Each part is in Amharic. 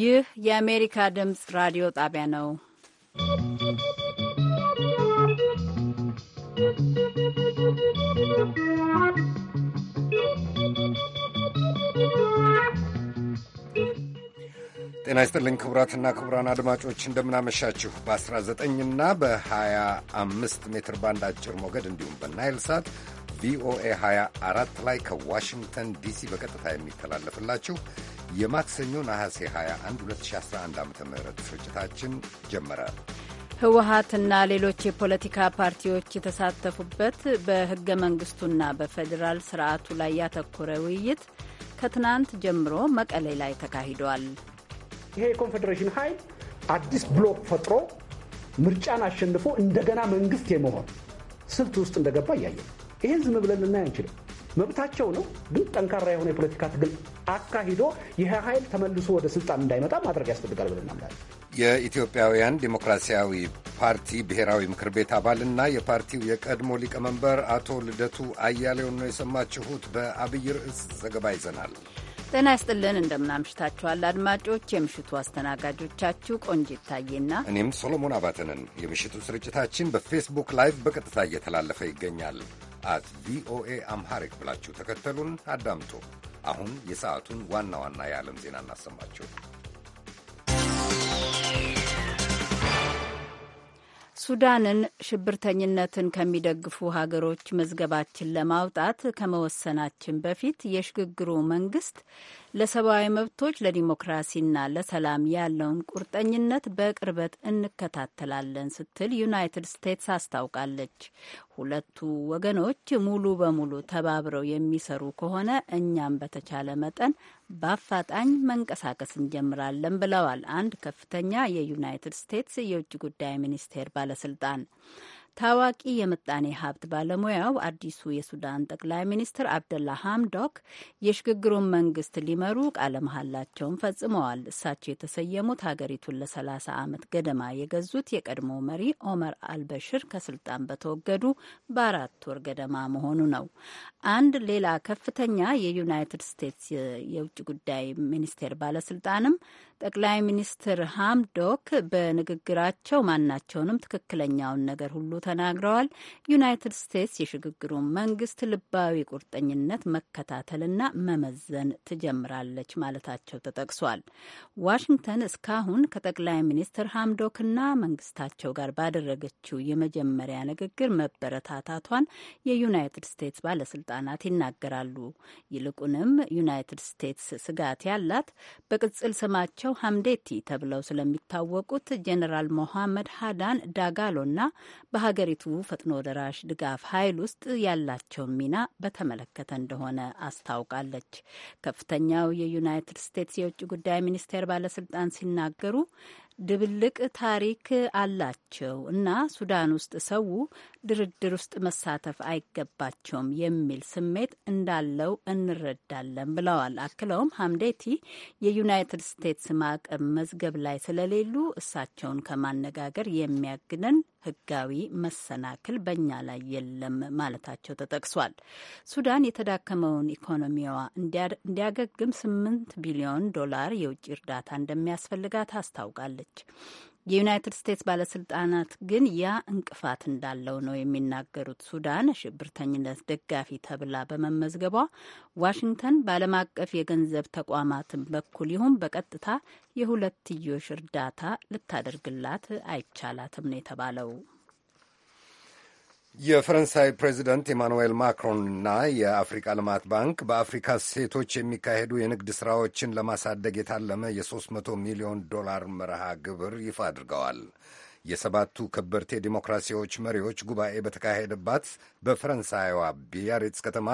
ይህ የአሜሪካ ድምፅ ራዲዮ ጣቢያ ነው። ጤና ይስጥልኝ ክቡራትና ክቡራን አድማጮች እንደምናመሻችሁ። በ19 እና በ25 ሜትር ባንድ አጭር ሞገድ እንዲሁም በናይል ሳት ቪኦኤ 24 ላይ ከዋሽንግተን ዲሲ በቀጥታ የሚተላለፍላችሁ የማክሰኞ ነሐሴ 21 2011 ዓ ም ስርጭታችን ጀመረ። ህወሀትና ሌሎች የፖለቲካ ፓርቲዎች የተሳተፉበት በህገ መንግስቱና በፌዴራል ስርዓቱ ላይ ያተኮረ ውይይት ከትናንት ጀምሮ መቀሌ ላይ ተካሂዷል። ይሄ የኮንፌዴሬሽን ኃይል አዲስ ብሎክ ፈጥሮ ምርጫን አሸንፎ እንደገና መንግስት የመሆን ስልት ውስጥ እንደገባ እያየ ይህን ዝም ብለን ልናይ አንችልም። መብታቸው ነው። ግን ጠንካራ የሆነ የፖለቲካ ትግል አካሂዶ ይህ ኃይል ተመልሶ ወደ ስልጣን እንዳይመጣ ማድረግ ያስፈልጋል ብለን እናምናለን። የኢትዮጵያውያን ዲሞክራሲያዊ ፓርቲ ብሔራዊ ምክር ቤት አባልና የፓርቲው የቀድሞ ሊቀመንበር አቶ ልደቱ አያሌውን ነው የሰማችሁት። በአብይ ርዕስ ዘገባ ይዘናል። ጤና ይስጥልን፣ እንደምናምሽታችኋል አድማጮች። የምሽቱ አስተናጋጆቻችሁ ቆንጅ ታዬና እኔም ሶሎሞን አባተንን። የምሽቱ ስርጭታችን በፌስቡክ ላይቭ በቀጥታ እየተላለፈ ይገኛል። አት ቪኦኤ አምሃሪክ ብላችሁ ተከተሉን አዳምጡ። አሁን የሰዓቱን ዋና ዋና የዓለም ዜና እናሰማችሁ። ሱዳንን ሽብርተኝነትን ከሚደግፉ ሀገሮች መዝገባችን ለማውጣት ከመወሰናችን በፊት የሽግግሩ መንግስት ለሰብአዊ መብቶች ለዲሞክራሲና ለሰላም ያለውን ቁርጠኝነት በቅርበት እንከታተላለን ስትል ዩናይትድ ስቴትስ አስታውቃለች። ሁለቱ ወገኖች ሙሉ በሙሉ ተባብረው የሚሰሩ ከሆነ እኛም በተቻለ መጠን በአፋጣኝ መንቀሳቀስ እንጀምራለን ብለዋል አንድ ከፍተኛ የዩናይትድ ስቴትስ የውጭ ጉዳይ ሚኒስቴር ባለስልጣን። ታዋቂ የምጣኔ ሀብት ባለሙያው አዲሱ የሱዳን ጠቅላይ ሚኒስትር አብደላ ሀምዶክ የሽግግሩን መንግስት ሊመሩ ቃለ መሀላቸውን ፈጽመዋል። እሳቸው የተሰየሙት ሀገሪቱን ለ30 ዓመት ገደማ የገዙት የቀድሞ መሪ ኦመር አልበሽር ከስልጣን በተወገዱ በአራት ወር ገደማ መሆኑ ነው። አንድ ሌላ ከፍተኛ የዩናይትድ ስቴትስ የውጭ ጉዳይ ሚኒስቴር ባለስልጣንም ጠቅላይ ሚኒስትር ሃምዶክ በንግግራቸው ማናቸውንም ትክክለኛውን ነገር ሁሉ ተናግረዋል። ዩናይትድ ስቴትስ የሽግግሩን መንግስት ልባዊ ቁርጠኝነት መከታተልና መመዘን ትጀምራለች ማለታቸው ተጠቅሷል። ዋሽንግተን እስካሁን ከጠቅላይ ሚኒስትር ሃምዶክና መንግስታቸው ጋር ባደረገችው የመጀመሪያ ንግግር መበረታታቷን የዩናይትድ ስቴትስ ባለስልጣናት ይናገራሉ። ይልቁንም ዩናይትድ ስቴትስ ስጋት ያላት በቅጽል ስማቸው ስማቸው ሀምዴቲ ተብለው ስለሚታወቁት ጄኔራል ሞሐመድ ሀዳን ዳጋሎና በሀገሪቱ ፈጥኖ ደራሽ ድጋፍ ኃይል ውስጥ ያላቸውን ሚና በተመለከተ እንደሆነ አስታውቃለች። ከፍተኛው የዩናይትድ ስቴትስ የውጭ ጉዳይ ሚኒስቴር ባለስልጣን ሲናገሩ ድብልቅ ታሪክ አላቸው እና ሱዳን ውስጥ ሰው ድርድር ውስጥ መሳተፍ አይገባቸውም የሚል ስሜት እንዳለው እንረዳለን ብለዋል። አክለውም ሀምዴቲ የዩናይትድ ስቴትስ ማዕቀብ መዝገብ ላይ ስለሌሉ እሳቸውን ከማነጋገር የሚያግነን ህጋዊ መሰናክል በእኛ ላይ የለም ማለታቸው ተጠቅሷል። ሱዳን የተዳከመውን ኢኮኖሚዋ እንዲያገግም ስምንት ቢሊዮን ዶላር የውጭ እርዳታ እንደሚያስፈልጋት አስታውቃለች። የዩናይትድ ስቴትስ ባለስልጣናት ግን ያ እንቅፋት እንዳለው ነው የሚናገሩት። ሱዳን ሽብርተኝነት ደጋፊ ተብላ በመመዝገቧ ዋሽንግተን በዓለም አቀፍ የገንዘብ ተቋማትን በኩል ይሁን በቀጥታ የሁለትዮሽ እርዳታ ልታደርግላት አይቻላትም ነው የተባለው። የፈረንሳይ ፕሬዚደንት ኢማኑዌል ና የአፍሪቃ ልማት ባንክ በአፍሪካ ሴቶች የሚካሄዱ የንግድ ሥራዎችን ለማሳደግ የታለመ የ300 ሚሊዮን ዶላር መርሃ ግብር ይፋ አድርገዋል። የሰባቱ ከበርቴ ዲሞክራሲዎች መሪዎች ጉባኤ በተካሄደባት በፈረንሳይዋ ቢያሪትስ ከተማ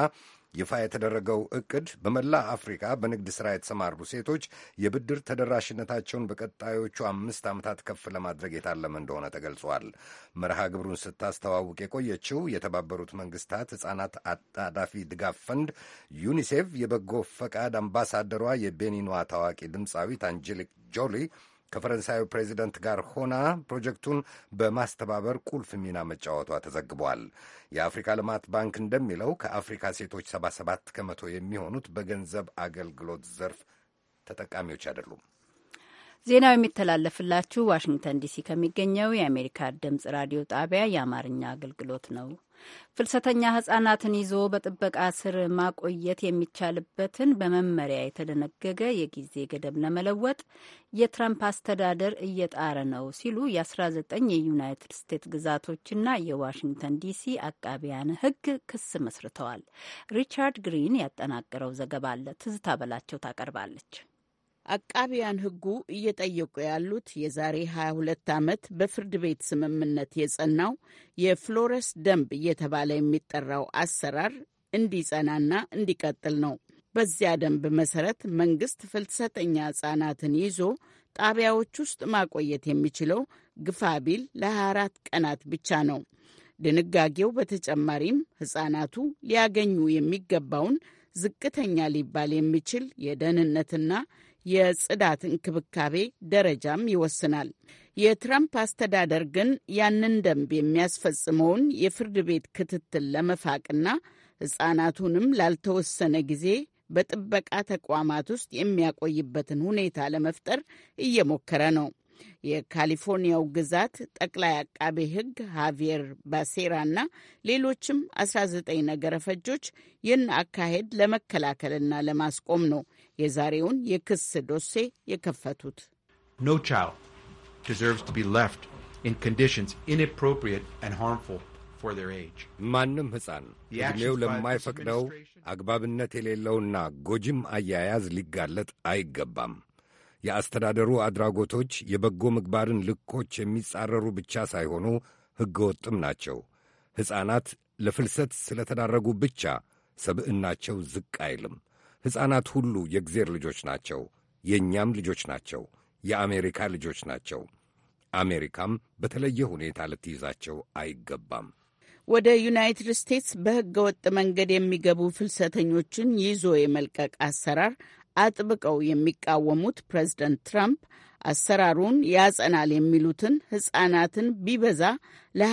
ይፋ የተደረገው እቅድ በመላ አፍሪካ በንግድ ሥራ የተሰማሩ ሴቶች የብድር ተደራሽነታቸውን በቀጣዮቹ አምስት ዓመታት ከፍ ለማድረግ የታለመ እንደሆነ ተገልጿል። መርሃ ግብሩን ስታስተዋውቅ የቆየችው የተባበሩት መንግስታት ሕፃናት አጣዳፊ ድጋፍ ፈንድ ዩኒሴፍ የበጎ ፈቃድ አምባሳደሯ የቤኒኗ ታዋቂ ድምፃዊት አንጀሊክ ጆሊ ከፈረንሳዩ ፕሬዚደንት ጋር ሆና ፕሮጀክቱን በማስተባበር ቁልፍ ሚና መጫወቷ ተዘግቧል። የአፍሪካ ልማት ባንክ እንደሚለው ከአፍሪካ ሴቶች 77 ከመቶ የሚሆኑት በገንዘብ አገልግሎት ዘርፍ ተጠቃሚዎች አይደሉም። ዜናው የሚተላለፍላችሁ ዋሽንግተን ዲሲ ከሚገኘው የአሜሪካ ድምጽ ራዲዮ ጣቢያ የአማርኛ አገልግሎት ነው። ፍልሰተኛ ህጻናትን ይዞ በጥበቃ ስር ማቆየት የሚቻልበትን በመመሪያ የተደነገገ የጊዜ ገደብ ለመለወጥ የትራምፕ አስተዳደር እየጣረ ነው ሲሉ የ19 የዩናይትድ ስቴትስ ግዛቶችና የዋሽንግተን ዲሲ አቃቢያን ህግ ክስ መስርተዋል። ሪቻርድ ግሪን ያጠናቀረው ዘገባ አለ። ትዝታ በላቸው ታቀርባለች። አቃቢያን ሕጉ እየጠየቁ ያሉት የዛሬ 22 ዓመት በፍርድ ቤት ስምምነት የጸናው የፍሎረስ ደንብ እየተባለ የሚጠራው አሰራር እንዲጸናና እንዲቀጥል ነው። በዚያ ደንብ መሰረት መንግስት ፍልሰተኛ ሕጻናትን ይዞ ጣቢያዎች ውስጥ ማቆየት የሚችለው ግፋ ቢል ለ24 ቀናት ብቻ ነው። ድንጋጌው በተጨማሪም ሕፃናቱ ሊያገኙ የሚገባውን ዝቅተኛ ሊባል የሚችል የደህንነትና የጽዳት እንክብካቤ ደረጃም ይወስናል። የትራምፕ አስተዳደር ግን ያንን ደንብ የሚያስፈጽመውን የፍርድ ቤት ክትትል ለመፋቅና ሕፃናቱንም ላልተወሰነ ጊዜ በጥበቃ ተቋማት ውስጥ የሚያቆይበትን ሁኔታ ለመፍጠር እየሞከረ ነው። የካሊፎርኒያው ግዛት ጠቅላይ አቃቤ ሕግ ሃቪየር ባሴራና ሌሎችም 19 ነገረ ፈጆች ይህን አካሄድ ለመከላከልና ለማስቆም ነው የዛሬውን የክስ ዶሴ የከፈቱት no child deserves to be left in conditions inappropriate and harmful for their age. ማንም ሕፃን ዕድሜው ለማይፈቅደው አግባብነት የሌለውና ጎጂም አያያዝ ሊጋለጥ አይገባም። የአስተዳደሩ አድራጎቶች የበጎ ምግባርን ልኮች የሚጻረሩ ብቻ ሳይሆኑ ወጥም ናቸው። ሕፃናት ለፍልሰት ስለተዳረጉ ብቻ ሰብዕናቸው ዝቅ አይልም። ሕፃናት ሁሉ የእግዜር ልጆች ናቸው፣ የእኛም ልጆች ናቸው፣ የአሜሪካ ልጆች ናቸው። አሜሪካም በተለየ ሁኔታ ልትይዛቸው አይገባም። ወደ ዩናይትድ ስቴትስ በሕገ ወጥ መንገድ የሚገቡ ፍልሰተኞችን ይዞ የመልቀቅ አሰራር አጥብቀው የሚቃወሙት ፕሬዝደንት ትራምፕ አሰራሩን ያጸናል የሚሉትን ሕፃናትን ቢበዛ ለ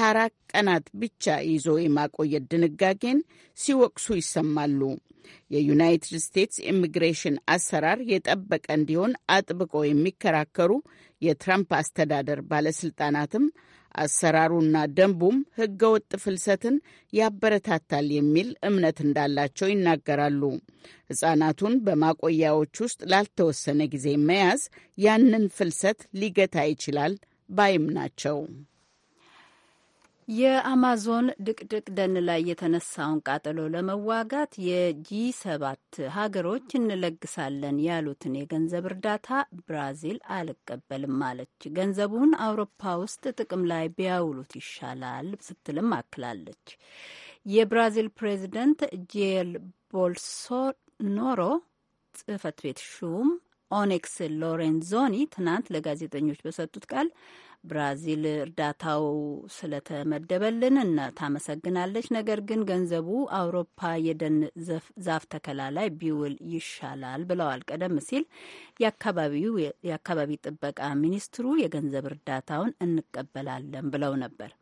ቀናት ብቻ ይዞ የማቆየት ድንጋጌን ሲወቅሱ ይሰማሉ። የዩናይትድ ስቴትስ ኢሚግሬሽን አሰራር የጠበቀ እንዲሆን አጥብቆ የሚከራከሩ የትራምፕ አስተዳደር ባለስልጣናትም አሰራሩና ደንቡም ህገወጥ ፍልሰትን ያበረታታል የሚል እምነት እንዳላቸው ይናገራሉ። ህጻናቱን በማቆያዎች ውስጥ ላልተወሰነ ጊዜ መያዝ ያንን ፍልሰት ሊገታ ይችላል ባይም ናቸው። የአማዞን ድቅድቅ ደን ላይ የተነሳውን ቃጠሎ ለመዋጋት የጂ ሰባት ሀገሮች እንለግሳለን ያሉትን የገንዘብ እርዳታ ብራዚል አልቀበልም አለች። ገንዘቡን አውሮፓ ውስጥ ጥቅም ላይ ቢያውሉት ይሻላል ስትልም አክላለች። የብራዚል ፕሬዚደንት ጄል ቦልሶናሮ ጽህፈት ቤት ሹም ኦኔክስ ሎሬንዞኒ ትናንት ለጋዜጠኞች በሰጡት ቃል ብራዚል እርዳታው ስለተመደበልን እና ታመሰግናለች፣ ነገር ግን ገንዘቡ አውሮፓ የደን ዛፍ ተከላ ላይ ቢውል ይሻላል ብለዋል። ቀደም ሲል የአካባቢ ጥበቃ ሚኒስትሩ የገንዘብ እርዳታውን እንቀበላለን ብለው ነበር።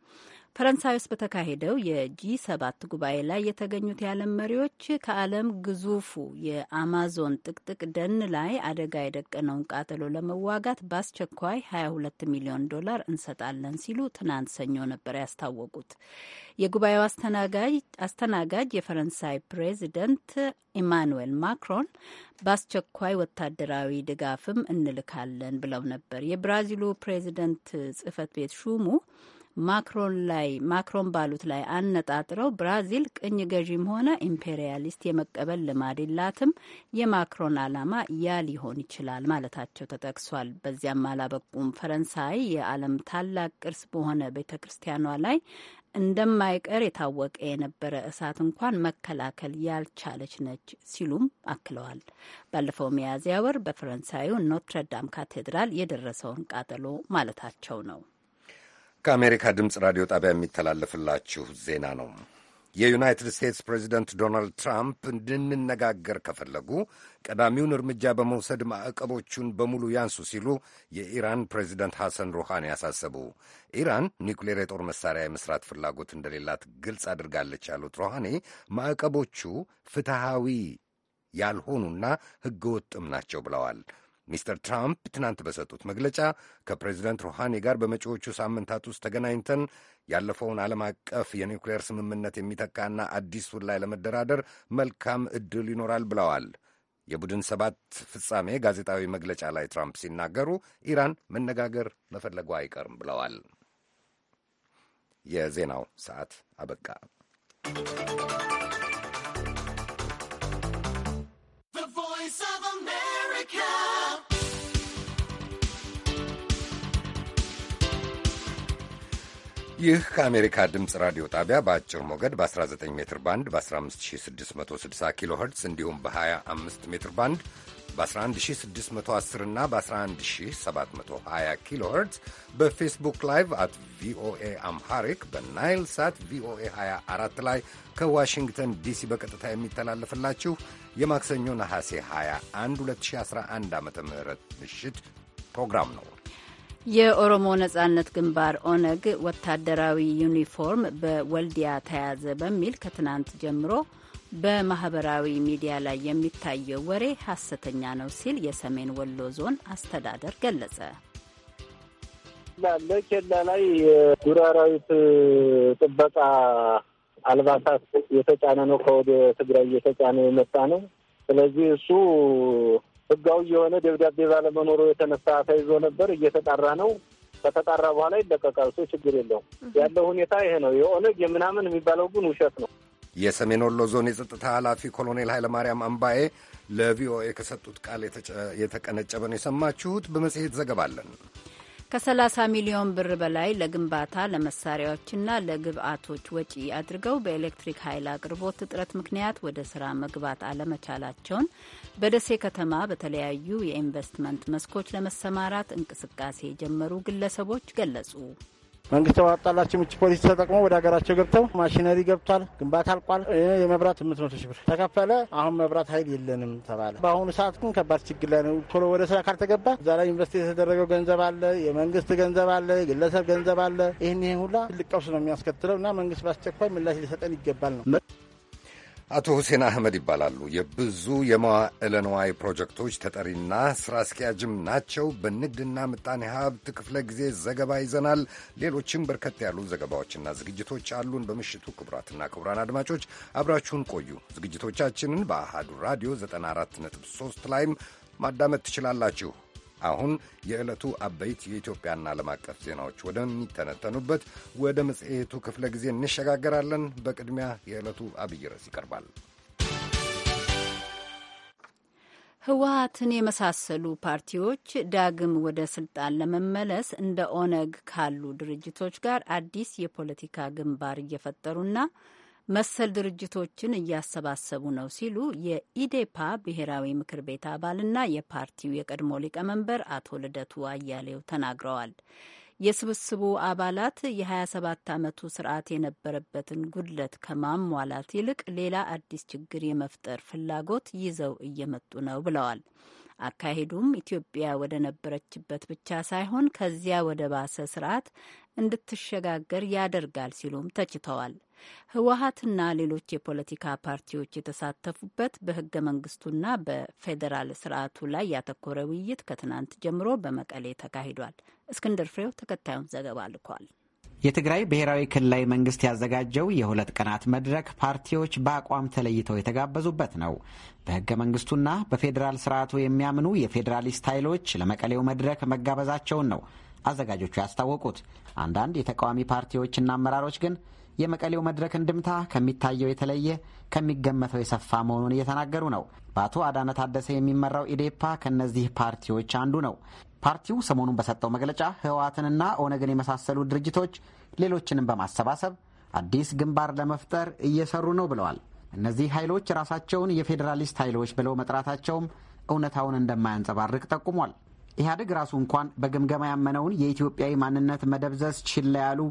ፈረንሳይ ውስጥ በተካሄደው የጂ ሰባት ጉባኤ ላይ የተገኙት የዓለም መሪዎች ከዓለም ግዙፉ የአማዞን ጥቅጥቅ ደን ላይ አደጋ የደቀነውን ቃጠሎ ለመዋጋት በአስቸኳይ 22 ሚሊዮን ዶላር እንሰጣለን ሲሉ ትናንት ሰኞ ነበር ያስታወቁት። የጉባኤው አስተናጋጅ የፈረንሳይ ፕሬዚደንት ኢማኑዌል ማክሮን በአስቸኳይ ወታደራዊ ድጋፍም እንልካለን ብለው ነበር። የብራዚሉ ፕሬዚደንት ጽህፈት ቤት ሹሙ ማክሮን ላይ ማክሮን ባሉት ላይ አነጣጥረው ብራዚል ቅኝ ገዢም ሆነ ኢምፔሪያሊስት የመቀበል ልማድ የላትም፣ የማክሮን ዓላማ ያ ሊሆን ይችላል ማለታቸው ተጠቅሷል። በዚያም አላበቁም። ፈረንሳይ የዓለም ታላቅ ቅርስ በሆነ ቤተ ክርስቲያኗ ላይ እንደማይቀር የታወቀ የነበረ እሳት እንኳን መከላከል ያልቻለች ነች ሲሉም አክለዋል። ባለፈው ሚያዝያ ወር በፈረንሳዩ ኖትረዳም ካቴድራል የደረሰውን ቃጠሎ ማለታቸው ነው። ከአሜሪካ ድምፅ ራዲዮ ጣቢያ የሚተላለፍላችሁ ዜና ነው። የዩናይትድ ስቴትስ ፕሬዚደንት ዶናልድ ትራምፕ እንድንነጋገር ከፈለጉ ቀዳሚውን እርምጃ በመውሰድ ማዕቀቦቹን በሙሉ ያንሱ ሲሉ የኢራን ፕሬዚደንት ሐሰን ሩሃኒ ያሳሰቡ። ኢራን ኒውክሌር የጦር መሳሪያ የመስራት ፍላጎት እንደሌላት ግልጽ አድርጋለች ያሉት ሩሃኒ ማዕቀቦቹ ፍትሐዊ ያልሆኑና ሕገወጥም ናቸው ብለዋል። ሚስተር ትራምፕ ትናንት በሰጡት መግለጫ ከፕሬዚደንት ሩሃኒ ጋር በመጪዎቹ ሳምንታት ውስጥ ተገናኝተን ያለፈውን ዓለም አቀፍ የኒውክሌር ስምምነት የሚተካና አዲሱን ላይ ለመደራደር መልካም ዕድል ይኖራል ብለዋል። የቡድን ሰባት ፍጻሜ ጋዜጣዊ መግለጫ ላይ ትራምፕ ሲናገሩ ኢራን መነጋገር መፈለጓ አይቀርም ብለዋል። የዜናው ሰዓት አበቃ። ይህ ከአሜሪካ ድምፅ ራዲዮ ጣቢያ በአጭር ሞገድ በ19 ሜትር ባንድ በ15660 ኪሎ ኸርትዝ እንዲሁም በ25 ሜትር ባንድ በ11610 እና በ11720 ኪሎ ኸርትዝ በፌስቡክ ላይቭ አት ቪኦኤ አምሃሪክ በናይል ሳት ቪኦኤ 24 ላይ ከዋሽንግተን ዲሲ በቀጥታ የሚተላለፍላችሁ የማክሰኞ ነሐሴ 21 2011 ዓ ም ምሽት ፕሮግራም ነው። የኦሮሞ ነጻነት ግንባር ኦነግ ወታደራዊ ዩኒፎርም በወልዲያ ተያዘ በሚል ከትናንት ጀምሮ በማህበራዊ ሚዲያ ላይ የሚታየው ወሬ ሐሰተኛ ነው ሲል የሰሜን ወሎ ዞን አስተዳደር ገለጸ። ላለ ኬላ ላይ የዱር አራዊት ጥበቃ አልባሳት የተጫነ ነው፣ ከወደ ትግራይ እየተጫነ የመጣ ነው። ስለዚህ እሱ ህጋዊ የሆነ ደብዳቤ ባለመኖሩ የተነሳ ተይዞ ነበር። እየተጣራ ነው። ከተጣራ በኋላ ይለቀቃል። ሰው ችግር የለው። ያለው ሁኔታ ይሄ ነው። የኦነግ የምናምን የሚባለው ግን ውሸት ነው። የሰሜን ወሎ ዞን የጸጥታ ኃላፊ ኮሎኔል ኃይለማርያም አምባዬ ለቪኦኤ ከሰጡት ቃል የተቀነጨበ ነው የሰማችሁት። በመጽሔት ዘገባ አለን። ከ30 ሚሊዮን ብር በላይ ለግንባታ ለመሳሪያዎችና ለግብአቶች ወጪ አድርገው በኤሌክትሪክ ኃይል አቅርቦት እጥረት ምክንያት ወደ ስራ መግባት አለመቻላቸውን በደሴ ከተማ በተለያዩ የኢንቨስትመንት መስኮች ለመሰማራት እንቅስቃሴ የጀመሩ ግለሰቦች ገለጹ። መንግስት ባወጣላቸው ምች ፖሊሲ ተጠቅሞ ወደ ሀገራቸው ገብተው ማሽነሪ ገብቷል። ግንባታ አልቋል። የመብራት ስምንት መቶ ሺህ ብር ተከፈለ። አሁን መብራት ኃይል የለንም ተባለ። በአሁኑ ሰዓት ግን ከባድ ችግር ላይ ነው። ቶሎ ወደ ስራ ካልተገባ እዛ ላይ ኢንቨስት የተደረገው ገንዘብ አለ፣ የመንግስት ገንዘብ አለ፣ የግለሰብ ገንዘብ አለ። ይህን ይህ ሁላ ትልቅ ቀውስ ነው የሚያስከትለው እና መንግስት በአስቸኳይ ምላሽ ሊሰጠን ይገባል ነው አቶ ሁሴን አህመድ ይባላሉ። የብዙ የመዋዕለ ንዋይ ፕሮጀክቶች ተጠሪና ስራ አስኪያጅም ናቸው። በንግድና ምጣኔ ሀብት ክፍለ ጊዜ ዘገባ ይዘናል። ሌሎችም በርከት ያሉ ዘገባዎችና ዝግጅቶች አሉን። በምሽቱ ክቡራትና ክቡራን አድማጮች አብራችሁን ቆዩ። ዝግጅቶቻችንን በአሃዱ ራዲዮ 94.3 ላይም ማዳመጥ ትችላላችሁ። አሁን የዕለቱ አበይት የኢትዮጵያና ዓለም አቀፍ ዜናዎች ወደሚተነተኑበት ወደ መጽሔቱ ክፍለ ጊዜ እንሸጋገራለን። በቅድሚያ የዕለቱ አብይ ርዕስ ይቀርባል። ህወሀትን የመሳሰሉ ፓርቲዎች ዳግም ወደ ስልጣን ለመመለስ እንደ ኦነግ ካሉ ድርጅቶች ጋር አዲስ የፖለቲካ ግንባር እየፈጠሩና መሰል ድርጅቶችን እያሰባሰቡ ነው ሲሉ የኢዴፓ ብሔራዊ ምክር ቤት አባልና የፓርቲው የቀድሞ ሊቀመንበር አቶ ልደቱ አያሌው ተናግረዋል። የስብስቡ አባላት የ27 ዓመቱ ስርዓት የነበረበትን ጉድለት ከማሟላት ይልቅ ሌላ አዲስ ችግር የመፍጠር ፍላጎት ይዘው እየመጡ ነው ብለዋል። አካሄዱም ኢትዮጵያ ወደ ነበረችበት ብቻ ሳይሆን ከዚያ ወደ ባሰ ስርዓት እንድትሸጋገር ያደርጋል ሲሉም ተችተዋል። ህወሀትና ሌሎች የፖለቲካ ፓርቲዎች የተሳተፉበት በህገ መንግስቱና በፌዴራል ስርዓቱ ላይ ያተኮረ ውይይት ከትናንት ጀምሮ በመቀሌ ተካሂዷል። እስክንድር ፍሬው ተከታዩን ዘገባ ልኳል። የትግራይ ብሔራዊ ክልላዊ መንግስት ያዘጋጀው የሁለት ቀናት መድረክ ፓርቲዎች በአቋም ተለይተው የተጋበዙበት ነው። በህገ መንግስቱና በፌዴራል ስርዓቱ የሚያምኑ የፌዴራሊስት ኃይሎች ለመቀሌው መድረክ መጋበዛቸውን ነው አዘጋጆቹ ያስታወቁት። አንዳንድ የተቃዋሚ ፓርቲዎችና አመራሮች ግን የመቀሌው መድረክ እንድምታ ከሚታየው የተለየ ከሚገመተው የሰፋ መሆኑን እየተናገሩ ነው። በአቶ አዳነ ታደሰ የሚመራው ኢዴፓ ከእነዚህ ፓርቲዎች አንዱ ነው። ፓርቲው ሰሞኑን በሰጠው መግለጫ ህወሓትንና ኦነግን የመሳሰሉ ድርጅቶች ሌሎችንም በማሰባሰብ አዲስ ግንባር ለመፍጠር እየሰሩ ነው ብለዋል። እነዚህ ኃይሎች ራሳቸውን የፌዴራሊስት ኃይሎች ብለው መጥራታቸውም እውነታውን እንደማያንጸባርቅ ጠቁሟል። ኢህአዴግ ራሱ እንኳን በግምገማ ያመነውን የኢትዮጵያዊ ማንነት መደብዘዝ ችላ ያሉ፣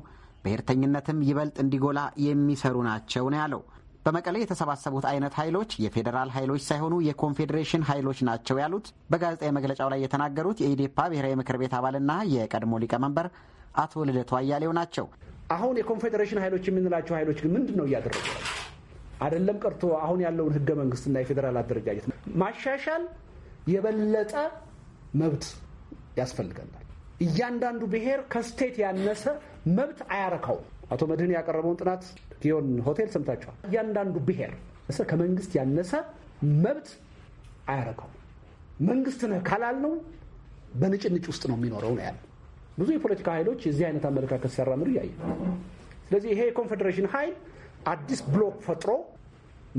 ብሔርተኝነትም ይበልጥ እንዲጎላ የሚሰሩ ናቸው ነው ያለው። በመቀሌ የተሰባሰቡት አይነት ኃይሎች የፌዴራል ኃይሎች ሳይሆኑ የኮንፌዴሬሽን ኃይሎች ናቸው ያሉት በጋዜጣዊ መግለጫው ላይ የተናገሩት የኢዴፓ ብሔራዊ ምክር ቤት አባልና የቀድሞ ሊቀመንበር አቶ ልደቱ አያሌው ናቸው። አሁን የኮንፌዴሬሽን ኃይሎች የምንላቸው ኃይሎች ግን ምንድን ነው እያደረጉ አይደለም ቀርቶ አሁን ያለውን ህገ መንግስትና የፌዴራል አደረጃጀት ማሻሻል የበለጠ መብት ያስፈልገናል። እያንዳንዱ ብሔር ከስቴት ያነሰ መብት አያረካውም። አቶ መድህን ያቀረበውን ጥናት ጊዮን ሆቴል ሰምታችኋል። እያንዳንዱ ብሔር እስር ከመንግስት ያነሰ መብት አያረገው። መንግስት ነህ ነው በንጭንጭ ውስጥ ነው የሚኖረው ነው ያለ። ብዙ የፖለቲካ ኃይሎች የዚህ አይነት አመለካከት ሲያራምዱ እያየ ስለዚህ ይሄ የኮንፌዴሬሽን ኃይል አዲስ ብሎክ ፈጥሮ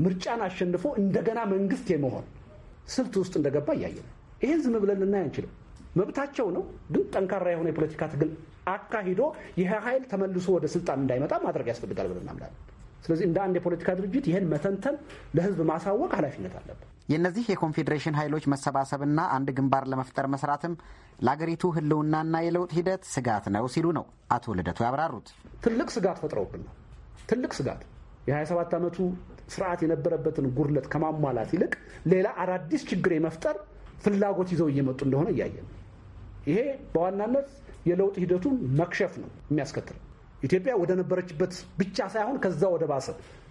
ምርጫን አሸንፎ እንደገና መንግስት የመሆን ስልት ውስጥ እንደገባ እያየ ነው። ይሄን ዝም ብለን ልናይ አንችልም። መብታቸው ነው፣ ግን ጠንካራ የሆነ የፖለቲካ ትግል አካሂዶ ይህ ኃይል ተመልሶ ወደ ስልጣን እንዳይመጣ ማድረግ ያስፈልጋል ብለን እናምናለን። ስለዚህ እንደ አንድ የፖለቲካ ድርጅት ይህን መተንተን፣ ለህዝብ ማሳወቅ ኃላፊነት አለብን። የእነዚህ የኮንፌዴሬሽን ኃይሎች መሰባሰብና አንድ ግንባር ለመፍጠር መስራትም ለአገሪቱ ህልውናና የለውጥ ሂደት ስጋት ነው ሲሉ ነው አቶ ልደቱ ያብራሩት። ትልቅ ስጋት ነው። ትልቅ ስጋት የ27 ዓመቱ ስርዓት የነበረበትን ጉድለት ከማሟላት ይልቅ ሌላ አዳዲስ ችግር የመፍጠር ፍላጎት ይዘው እየመጡ እንደሆነ እያየን ይሄ በዋናነት የለውጥ ሂደቱን መክሸፍ ነው የሚያስከትለው። ኢትዮጵያ ወደ ነበረችበት ብቻ ሳይሆን ከዛ ወደ ባሰ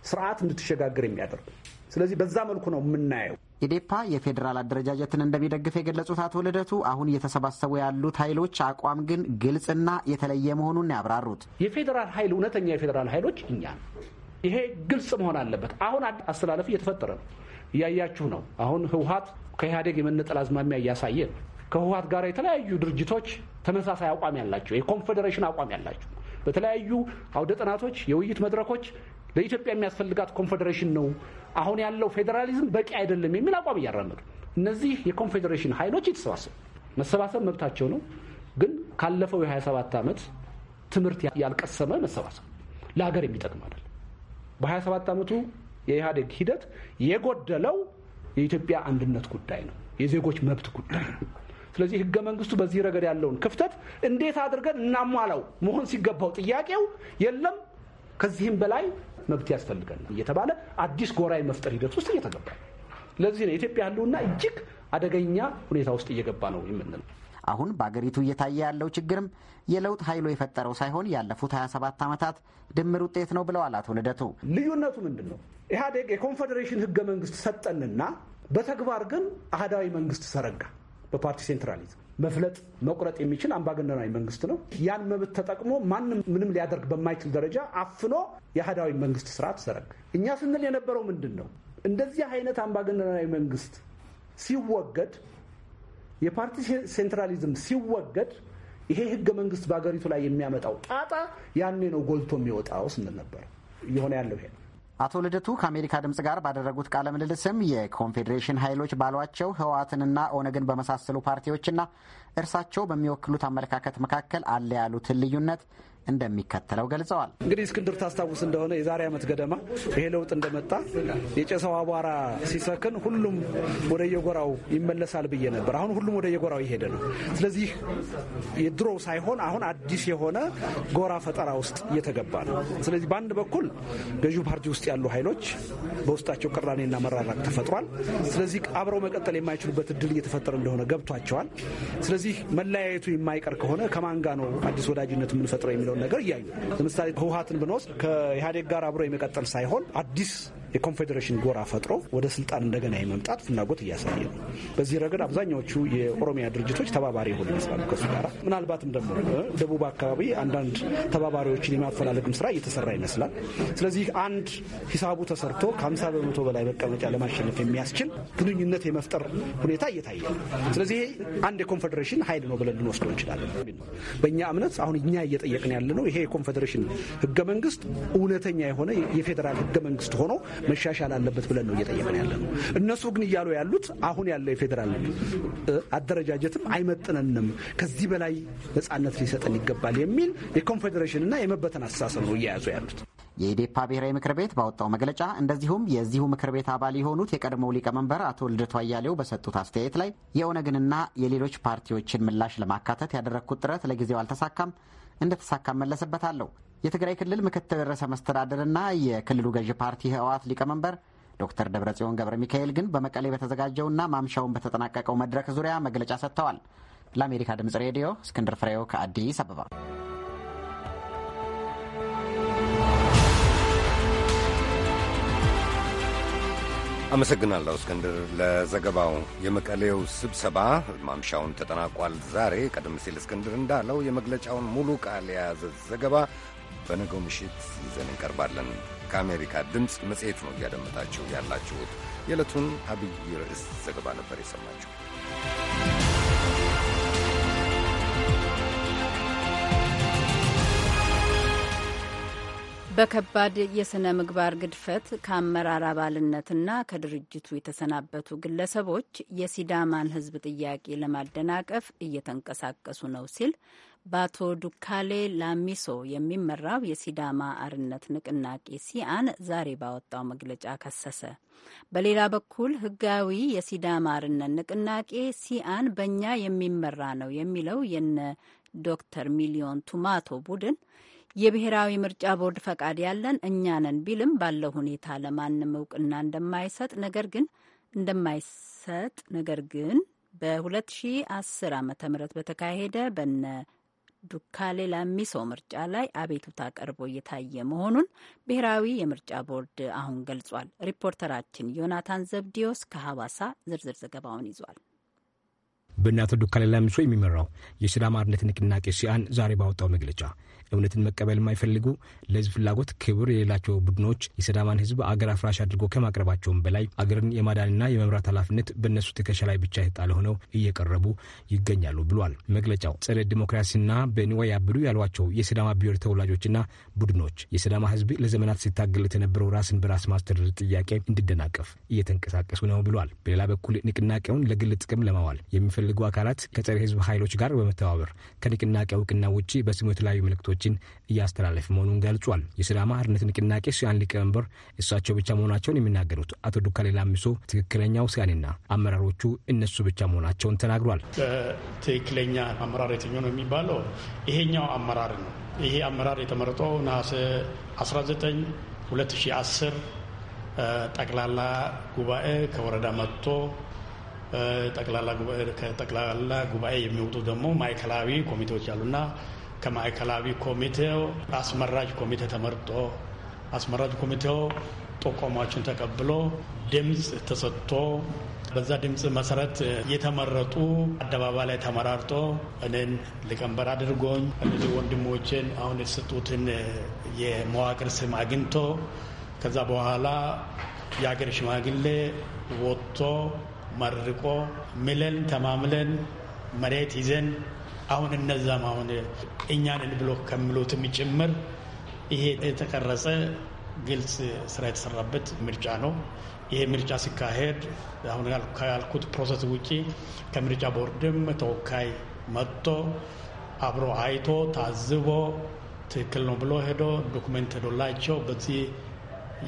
ስርዓት እንድትሸጋገር የሚያደርግ ስለዚህ በዛ መልኩ ነው የምናየው። ኢዴፓ የፌዴራል አደረጃጀትን እንደሚደግፍ የገለጹት አቶ ልደቱ አሁን እየተሰባሰቡ ያሉት ኃይሎች አቋም ግን ግልጽና የተለየ መሆኑን ያብራሩት የፌዴራል ኃይል እውነተኛ የፌዴራል ኃይሎች እኛ ይሄ ግልጽ መሆን አለበት። አሁን አስተላለፍ እየተፈጠረ ነው፣ እያያችሁ ነው። አሁን ህውሀት ከኢህአዴግ የመነጠል አዝማሚያ እያሳየ ነው። ከህወሀት ጋር የተለያዩ ድርጅቶች ተመሳሳይ አቋም ያላቸው የኮንፌዴሬሽን አቋም ያላቸው በተለያዩ አውደ ጥናቶች፣ የውይይት መድረኮች ለኢትዮጵያ የሚያስፈልጋት ኮንፌዴሬሽን ነው፣ አሁን ያለው ፌዴራሊዝም በቂ አይደለም የሚል አቋም እያራመዱ እነዚህ የኮንፌዴሬሽን ኃይሎች የተሰባሰቡ መሰባሰብ መብታቸው ነው። ግን ካለፈው የ27 ዓመት ትምህርት ያልቀሰመ መሰባሰብ ለሀገር የሚጠቅም አይደል። በ27 ዓመቱ የኢህአዴግ ሂደት የጎደለው የኢትዮጵያ አንድነት ጉዳይ ነው፣ የዜጎች መብት ጉዳይ ነው። ስለዚህ ህገ መንግስቱ በዚህ ረገድ ያለውን ክፍተት እንዴት አድርገን እናሟላው መሆን ሲገባው ጥያቄው የለም ከዚህም በላይ መብት ያስፈልገናል እየተባለ አዲስ ጎራ መፍጠር ሂደት ውስጥ እየተገባ ለዚህ ነው የኢትዮጵያ ህልውና እጅግ አደገኛ ሁኔታ ውስጥ እየገባ ነው የምንለው። አሁን በአገሪቱ እየታየ ያለው ችግርም የለውጥ ኃይሉ የፈጠረው ሳይሆን ያለፉት 27 ዓመታት ድምር ውጤት ነው ብለዋል አቶ ልደቱ። ልዩነቱ ምንድን ነው? ኢህአዴግ የኮንፌዴሬሽን ህገ መንግስት ሰጠንና በተግባር ግን አህዳዊ መንግስት ሰረጋ። በፓርቲ ሴንትራሊዝም መፍለጥ መቁረጥ የሚችል አምባገነናዊ መንግስት ነው። ያን መብት ተጠቅሞ ማንም ምንም ሊያደርግ በማይችል ደረጃ አፍኖ የአህዳዊ መንግስት ስርዓት ዘረግ። እኛ ስንል የነበረው ምንድን ነው? እንደዚህ አይነት አምባገነናዊ መንግስት ሲወገድ፣ የፓርቲ ሴንትራሊዝም ሲወገድ ይሄ ህገ መንግስት በሀገሪቱ ላይ የሚያመጣው ጣጣ ያኔ ነው ጎልቶ የሚወጣው ስንል ነበር። እየሆነ ያለው ይሄ ነው። አቶ ልደቱ ከአሜሪካ ድምጽ ጋር ባደረጉት ቃለ ምልልስም የኮንፌዴሬሽን ኃይሎች ባሏቸው ህወሓትንና ኦነግን በመሳሰሉ ፓርቲዎችና እርሳቸው በሚወክሉት አመለካከት መካከል አለ ያሉትን ልዩነት እንደሚከተለው ገልጸዋል። እንግዲህ እስክንድር ታስታውስ እንደሆነ የዛሬ ዓመት ገደማ ይሄ ለውጥ እንደመጣ የጨሰው አቧራ ሲሰክን ሁሉም ወደ የጎራው ይመለሳል ብዬ ነበር። አሁን ሁሉም ወደ የጎራው እየሄደ ነው። ስለዚህ የድሮ ሳይሆን አሁን አዲስ የሆነ ጎራ ፈጠራ ውስጥ እየተገባ ነው። ስለዚህ በአንድ በኩል ገዢው ፓርቲ ውስጥ ያሉ ኃይሎች በውስጣቸው ቅራኔና መራራቅ ተፈጥሯል። ስለዚህ አብረው መቀጠል የማይችሉበት እድል እየተፈጠረ እንደሆነ ገብቷቸዋል። ስለዚህ መለያየቱ የማይቀር ከሆነ ከማን ነው አዲስ ወዳጅነት የምንፈጥረው የሚለው ያለውን ነገር እያዩ ለምሳሌ ህወሀትን ብንወስድ ከኢህአዴግ ጋር አብሮ የመቀጠል ሳይሆን አዲስ የኮንፌዴሬሽን ጎራ ፈጥሮ ወደ ስልጣን እንደገና የመምጣት ፍላጎት እያሳየ ነው። በዚህ ረገድ አብዛኛዎቹ የኦሮሚያ ድርጅቶች ተባባሪ የሆኑ ይመስላሉ ከሱ ጋር ምናልባትም ደግሞ ደቡብ አካባቢ አንዳንድ ተባባሪዎችን የማፈላለግም ስራ እየተሰራ ይመስላል። ስለዚህ አንድ ሂሳቡ ተሰርቶ ከ50 በመቶ በላይ መቀመጫ ለማሸነፍ የሚያስችል ግንኙነት የመፍጠር ሁኔታ እየታየ ነው። ስለዚህ አንድ የኮንፌዴሬሽን ኃይል ነው ብለን ልንወስደው እንችላለን። በእኛ እምነት አሁን እኛ እየጠየቅን ያለ ነው ይሄ የኮንፌዴሬሽን ህገ መንግስት እውነተኛ የሆነ የፌዴራል ህገ መንግስት ሆኖ መሻሻል አለበት ብለን ነው እየጠየቅን ያለ ነው። እነሱ ግን እያሉ ያሉት አሁን ያለው የፌዴራል አደረጃጀትም አይመጥነንም፣ ከዚህ በላይ ነጻነት ሊሰጠን ይገባል የሚል የኮንፌዴሬሽንና የመበተን አስተሳሰብ ነው እየያዙ ያሉት። የኢዴፓ ብሔራዊ ምክር ቤት ባወጣው መግለጫ እንደዚሁም የዚሁ ምክር ቤት አባል የሆኑት የቀድሞው ሊቀመንበር አቶ ልደቱ አያሌው በሰጡት አስተያየት ላይ የኦነግንና የሌሎች ፓርቲዎችን ምላሽ ለማካተት ያደረግኩት ጥረት ለጊዜው አልተሳካም፣ እንደተሳካ መለስበታለሁ። የትግራይ ክልል ምክትል ርዕሰ መስተዳድርና የክልሉ ገዢ ፓርቲ ህወሓት ሊቀመንበር ዶክተር ደብረጽዮን ገብረ ሚካኤል ግን በመቀሌ በተዘጋጀውና ማምሻውን በተጠናቀቀው መድረክ ዙሪያ መግለጫ ሰጥተዋል። ለአሜሪካ ድምጽ ሬዲዮ እስክንድር ፍሬው ከአዲስ አበባ። አመሰግናለሁ እስክንድር ለዘገባው። የመቀሌው ስብሰባ ማምሻውን ተጠናቋል። ዛሬ ቀደም ሲል እስክንድር እንዳለው የመግለጫውን ሙሉ ቃል የያዘ ዘገባ በነገው ምሽት ይዘን እንቀርባለን። ከአሜሪካ ድምፅ መጽሔት ነው እያደመጣችሁ ያላችሁት። የዕለቱን አብይ ርዕስ ዘገባ ነበር የሰማችሁ። በከባድ የሥነ ምግባር ግድፈት ከአመራር አባልነትና ከድርጅቱ የተሰናበቱ ግለሰቦች የሲዳማን ሕዝብ ጥያቄ ለማደናቀፍ እየተንቀሳቀሱ ነው ሲል በአቶ ዱካሌ ላሚሶ የሚመራው የሲዳማ አርነት ንቅናቄ ሲአን ዛሬ ባወጣው መግለጫ ከሰሰ። በሌላ በኩል ህጋዊ የሲዳማ አርነት ንቅናቄ ሲአን በእኛ የሚመራ ነው የሚለው የነ ዶክተር ሚሊዮን ቱማቶ ቡድን የብሔራዊ ምርጫ ቦርድ ፈቃድ ያለን እኛ ነን ቢልም ባለው ሁኔታ ለማንም እውቅና እንደማይሰጥ ነገር ግን እንደማይሰጥ ነገር ግን በ2010 ዓ ም በተካሄደ በነ ዱካሌ ላሚሶ ምርጫ ላይ አቤቱታ ቀርቦ እየታየ መሆኑን ብሔራዊ የምርጫ ቦርድ አሁን ገልጿል። ሪፖርተራችን ዮናታን ዘብዲዮስ ከሐዋሳ ዝርዝር ዘገባውን ይዟል። በእናቶ ዱካሌ ላሚሶ የሚመራው የሲዳማ አርነት ንቅናቄ ሲአን ዛሬ ባወጣው መግለጫ እውነትን መቀበል የማይፈልጉ ለህዝብ ፍላጎት ክብር የሌላቸው ቡድኖች የሰዳማን ህዝብ አገር አፍራሽ አድርጎ ከማቅረባቸውም በላይ አገርን የማዳንና የመምራት ኃላፊነት በእነሱ ትከሻ ላይ ብቻ የተጣለ ሆነው እየቀረቡ ይገኛሉ ብሏል መግለጫው። ጸረ ዲሞክራሲና በንዋይ ያብዱ ያሏቸው የሰዳማ ብሔር ተወላጆችና ቡድኖች የሰዳማ ህዝብ ለዘመናት ሲታገል የተነበረው ራስን በራስ ማስተዳደር ጥያቄ እንዲደናቀፍ እየተንቀሳቀሱ ነው ብሏል። በሌላ በኩል ንቅናቄውን ለግል ጥቅም ለማዋል የሚፈልጉ አካላት ከጸረ ህዝብ ኃይሎች ጋር በመተባበር ከንቅናቄ እውቅና ውጭ በስሙ የተለያዩ ምልክቶች መልእክቶችን እያስተላለፈ መሆኑን ገልጿል። የሲዳማ አርነት ንቅናቄ ሲያን ሊቀመንበር እሳቸው ብቻ መሆናቸውን የሚናገሩት አቶ ዱካሌ ላሚሶ ትክክለኛው ሲያንና አመራሮቹ እነሱ ብቻ መሆናቸውን ተናግሯል። ትክክለኛ አመራር የትኛው ነው የሚባለው? ይሄኛው አመራር ነው። ይሄ አመራር የተመረጠው ነሐሴ 19 2010 ጠቅላላ ጉባኤ ከወረዳ መጥቶ ጠቅላላ ጉባኤ የሚወጡ ደግሞ ማዕከላዊ ኮሚቴዎች አሉና ከማዕከላዊ ኮሚቴው አስመራጭ ኮሚቴ ተመርጦ አስመራጅ ኮሚቴው ጥቆማዎችን ተቀብሎ ድምፅ ተሰጥቶ በዛ ድምፅ መሰረት የተመረጡ አደባባይ ላይ ተመራርጦ እኔን ሊቀመንበር አድርጎኝ እነዚህ ወንድሞችን አሁን የተሰጡትን የመዋቅር ስም አግኝቶ ከዛ በኋላ የሀገር ሽማግሌ ወጥቶ መርቆ ምለን ተማምለን መሬት ይዘን አሁን እነዛም አሁን እኛንን ብሎ ከምሉትም ጭምር ይሄ የተቀረጸ ግልጽ ስራ የተሰራበት ምርጫ ነው። ይሄ ምርጫ ሲካሄድ አሁን ያልኩት ፕሮሰስ ውጪ ከምርጫ ቦርድም ተወካይ መጥቶ አብሮ አይቶ ታዝቦ ትክክል ነው ብሎ ሄዶ ዶኩመንት ሄዶላቸው በዚህ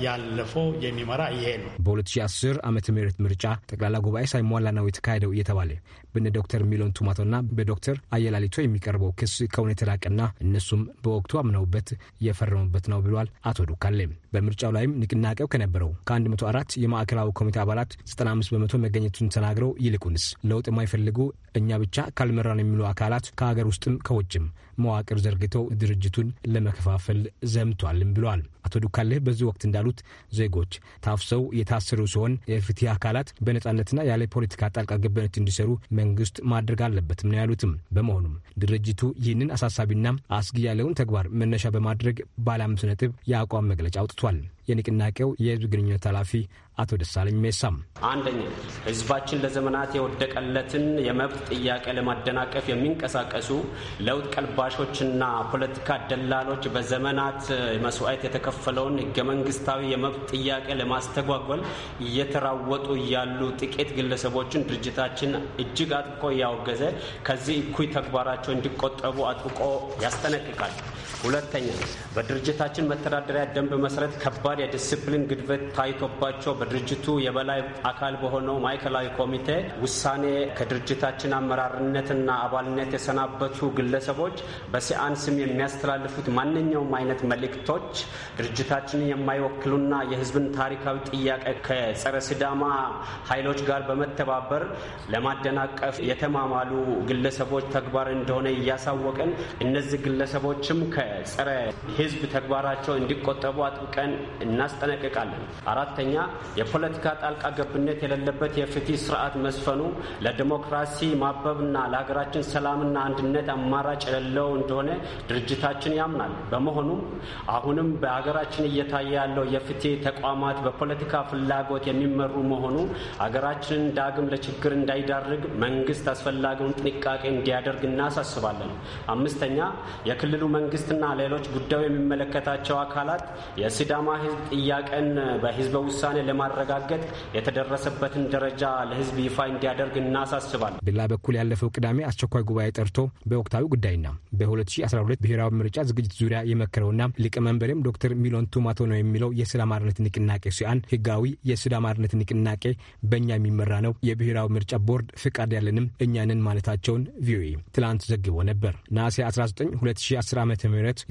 ያለፈው የሚመራ ይሄ ነው። በ2010 ዓመተ ምህረት ምርጫ ጠቅላላ ጉባኤ ሳይሟላ ነው የተካሄደው እየተባለ በነ ዶክተር ሚሊዮን ቱማቶና በዶክተር አየላሊቶ የሚቀርበው ክስ ከሁን የተላቀና እነሱም በወቅቱ አምነውበት የፈረሙበት ነው ብሏል። አቶ ዱካሌ በምርጫው ላይም ንቅናቄው ከነበረው ከ104 የማዕከላዊ ኮሚቴ አባላት 95 በመቶ መገኘቱን ተናግረው ይልቁንስ ለውጥ የማይፈልጉ እኛ ብቻ ካልመራን የሚሉ አካላት ከሀገር ውስጥም ከውጭም መዋቅር ዘርግተው ድርጅቱን ለመከፋፈል ዘምቷልም ብለዋል። አቶ ዱካሌህ በዚህ ወቅት እንዳሉት ዜጎች ታፍሰው የታሰሩ ሲሆን የፍትህ አካላት በነጻነትና ያለ ፖለቲካ ጣልቃ ገብነት እንዲሰሩ መንግስት ማድረግ አለበትም ነው ያሉትም። በመሆኑም ድርጅቱ ይህንን አሳሳቢና አስጊ ያለውን ተግባር መነሻ በማድረግ ባለ አምስት ነጥብ የአቋም መግለጫ አውጥቷል። የንቅናቄው የህዝብ ግንኙነት ኃላፊ አቶ ደሳለኝ ሜሳም አንደኛ ህዝባችን ለዘመናት የወደቀለትን የመብት ጥያቄ ለማደናቀፍ የሚንቀሳቀሱ ለውጥ ቀልባሾችና ፖለቲካ ደላሎች በዘመናት መስዋዕት የተከፈለውን ህገ መንግስታዊ የመብት ጥያቄ ለማስተጓጎል እየተራወጡ ያሉ ጥቂት ግለሰቦችን ድርጅታችን እጅግ አጥብቆ እያወገዘ ከዚህ እኩይ ተግባራቸው እንዲቆጠቡ አጥብቆ ያስጠነቅቃል። ሁለተኛ በድርጅታችን መተዳደሪያ ደንብ መሰረት ከባድ የዲስፕሊን ግድበት ታይቶባቸው በድርጅቱ የበላይ አካል በሆነው ማዕከላዊ ኮሚቴ ውሳኔ ከድርጅታችን አመራርነትና አባልነት የሰናበቱ ግለሰቦች በሲአን ስም የሚያስተላልፉት ማንኛውም አይነት መልእክቶች ድርጅታችንን የማይወክሉና የህዝብን ታሪካዊ ጥያቄ ከጸረ ሲዳማ ኃይሎች ጋር በመተባበር ለማደናቀፍ የተማማሉ ግለሰቦች ተግባር እንደሆነ እያሳወቅን እነዚህ ግለሰቦችም ከጸረ ህዝብ ተግባራቸው እንዲቆጠቡ አጥብቀን እናስጠነቅቃለን። አራተኛ የፖለቲካ ጣልቃ ገብነት የሌለበት የፍትህ ስርዓት መስፈኑ ለዲሞክራሲ ማበብና ለሀገራችን ሰላምና አንድነት አማራጭ የሌለው እንደሆነ ድርጅታችን ያምናል። በመሆኑም አሁንም በሀገራችን እየታየ ያለው የፍትህ ተቋማት በፖለቲካ ፍላጎት የሚመሩ መሆኑ ሀገራችንን ዳግም ለችግር እንዳይዳርግ መንግስት አስፈላጊውን ጥንቃቄ እንዲያደርግ እናሳስባለን። አምስተኛ የክልሉ መንግስትና ሌሎች ጉዳዩ የሚመለከታቸው አካላት የሲዳማ ህዝብ ጥያቄን በህዝበ ውሳኔ ለማ በማረጋገጥ የተደረሰበትን ደረጃ ለህዝብ ይፋ እንዲያደርግ እናሳስባለን። በሌላ በኩል ያለፈው ቅዳሜ አስቸኳይ ጉባኤ ጠርቶ በወቅታዊ ጉዳይና በ2012 ብሔራዊ ምርጫ ዝግጅት ዙሪያ የመከረውና ሊቀመንበርም ዶክተር ሚሎን ቱማቶ ነው የሚለው የሲዳማ አርነት ንቅናቄ ሲያን ህጋዊ የሲዳማ አርነት ንቅናቄ በእኛ የሚመራ ነው። የብሔራዊ ምርጫ ቦርድ ፍቃድ ያለንም እኛንን ማለታቸውን ቪኦኤ ትላንት ዘግቦ ነበር። ነሐሴ 19 2010 ዓ ም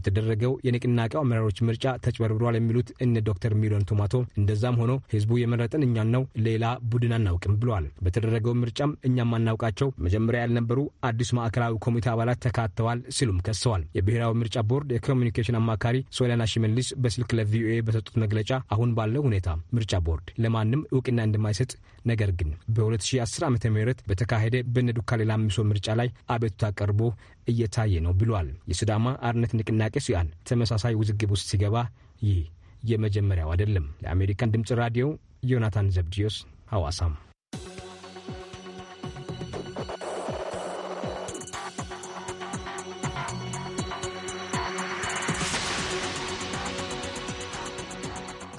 የተደረገው የንቅናቄው አመራሮች ምርጫ ተጭበርብሯል የሚሉት እነ ዶክተር ሚሊዮን ቱማቶ እንደዛም ሆኖ ህዝቡ የመረጠን እኛን ነው፣ ሌላ ቡድን አናውቅም ብለዋል። በተደረገው ምርጫም እኛም ማናውቃቸው መጀመሪያ ያልነበሩ አዲስ ማዕከላዊ ኮሚቴ አባላት ተካተዋል ሲሉም ከሰዋል። የብሔራዊ ምርጫ ቦርድ የኮሚኒኬሽን አማካሪ ሶሊያና ሽመልስ በስልክ ለቪኦኤ በሰጡት መግለጫ አሁን ባለው ሁኔታ ምርጫ ቦርድ ለማንም እውቅና እንደማይሰጥ ነገር ግን በ2010 ዓ ም በተካሄደ በነዱካ ሌላ አምሶ ምርጫ ላይ አቤቱታ ቀርቦ እየታየ ነው ብሏል። የሲዳማ አርነት ንቅናቄ ሲያን ተመሳሳይ ውዝግብ ውስጥ ሲገባ ይህ የመጀመሪያው አይደለም። ለአሜሪካን ድምፅ ራዲዮ ዮናታን ዘብዲዮስ ሐዋሳም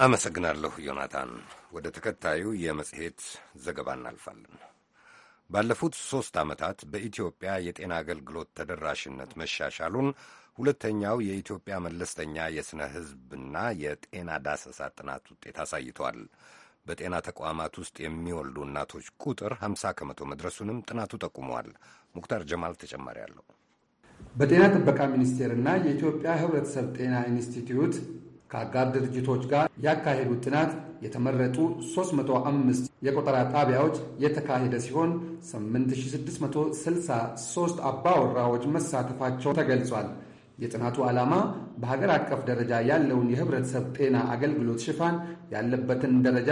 አመሰግናለሁ ዮናታን። ወደ ተከታዩ የመጽሔት ዘገባ እናልፋለን። ባለፉት ሦስት ዓመታት በኢትዮጵያ የጤና አገልግሎት ተደራሽነት መሻሻሉን ሁለተኛው የኢትዮጵያ መለስተኛ የሥነ ሕዝብና የጤና ዳሰሳ ጥናት ውጤት አሳይቷል። በጤና ተቋማት ውስጥ የሚወልዱ እናቶች ቁጥር 50 ከመቶ መድረሱንም ጥናቱ ጠቁመዋል። ሙክታር ጀማል ተጨማሪ አለው። በጤና ጥበቃ ሚኒስቴርና የኢትዮጵያ ሕብረተሰብ ጤና ኢንስቲትዩት ከአጋር ድርጅቶች ጋር ያካሄዱት ጥናት የተመረጡ 305 የቆጠራ ጣቢያዎች የተካሄደ ሲሆን 8663 አባወራዎች መሳተፋቸው ተገልጿል። የጥናቱ ዓላማ በሀገር አቀፍ ደረጃ ያለውን የህብረተሰብ ጤና አገልግሎት ሽፋን ያለበትን ደረጃ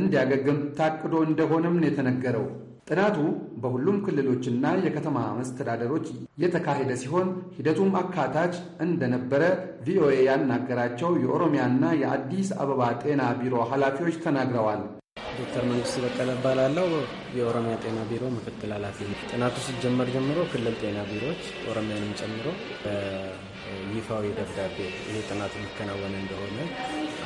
እንዲያገግም ታቅዶ እንደሆነም የተነገረው። ጥናቱ በሁሉም ክልሎችና የከተማ መስተዳደሮች የተካሄደ ሲሆን ሂደቱም አካታች እንደነበረ ቪኦኤ ያናገራቸው የኦሮሚያና የአዲስ አበባ ጤና ቢሮ ኃላፊዎች ተናግረዋል። ዶክተር መንግስቱ በቀለ እባላለሁ። የኦሮሚያ ጤና ቢሮ ምክትል ኃላፊ። ጥናቱ ሲጀመር ጀምሮ ክልል ጤና ቢሮዎች ኦሮሚያንም ጨምሮ ይፋዊ ደብዳቤ ይሄ ጥናት ሊከናወን እንደሆነ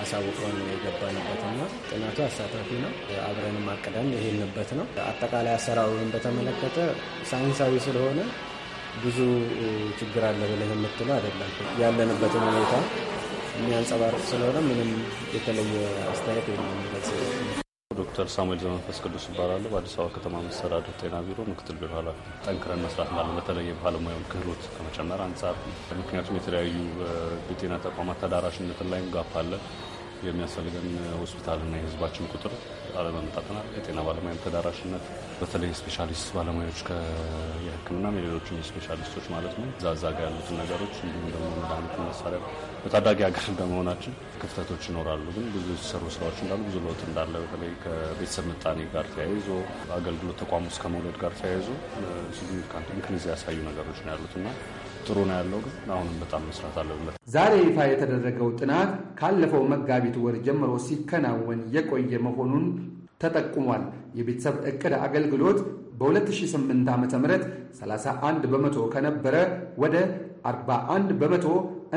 የገባንበት የገባንበትና ጥናቱ አሳታፊ ነው። አብረንም አቅደን የሄድንበት ነው። አጠቃላይ አሰራሩን በተመለከተ ሳይንሳዊ ስለሆነ ብዙ ችግር አለ ብለህ የምትለው አይደለም። ያለንበትን ሁኔታ የሚያንጸባርቅ ስለሆነ ምንም የተለየ አስተያየት የለም። ዶክተር ሳሙኤል ዘመንፈስ ቅዱስ ይባላሉ። በአዲስ አበባ ከተማ መስተዳድር ጤና ቢሮ ምክትል ቢሮ ኃላፊ። ጠንክረን መስራት እንዳለ በተለይ የባለሙያውን ክህሎት ከመጨመር አንጻር ምክንያቱም የተለያዩ የጤና ተቋማት ተዳራሽነትን ላይም ጋፕ አለ። የሚያስፈልገን ሆስፒታልና የህዝባችን ቁጥር አለመምጣትና የጤና ባለሙያ ተዳራሽነት በተለይ ስፔሻሊስት ባለሙያዎች የህክምና የሌሎችን የስፔሻሊስቶች ማለት ነው ዛዛ ጋ ያሉትን ነገሮች እንዲሁም ደግሞ መድኃኒት መሳሪያ በታዳጊ ሀገር እንደመሆናችን ክፍተቶች ይኖራሉ። ግን ብዙ የተሰሩ ስራዎች እንዳሉ ብዙ ለውጥ እንዳለ በተለይ ከቤተሰብ ምጣኔ ጋር ተያይዞ አገልግሎት ተቋም ውስጥ ከመውለድ ጋር ተያይዞ ሲግኒፊካንት ኢንክሪዝ ያሳዩ ነገሮች ነው ያሉትና ጥሩ ነው ያለው፣ ግን አሁንም በጣም መስራት አለበት። ዛሬ ይፋ የተደረገው ጥናት ካለፈው መጋቢት ወር ጀምሮ ሲከናወን የቆየ መሆኑን ተጠቁሟል። የቤተሰብ እቅድ አገልግሎት በ2008 ዓ ም 31 በመቶ ከነበረ ወደ 41 በመቶ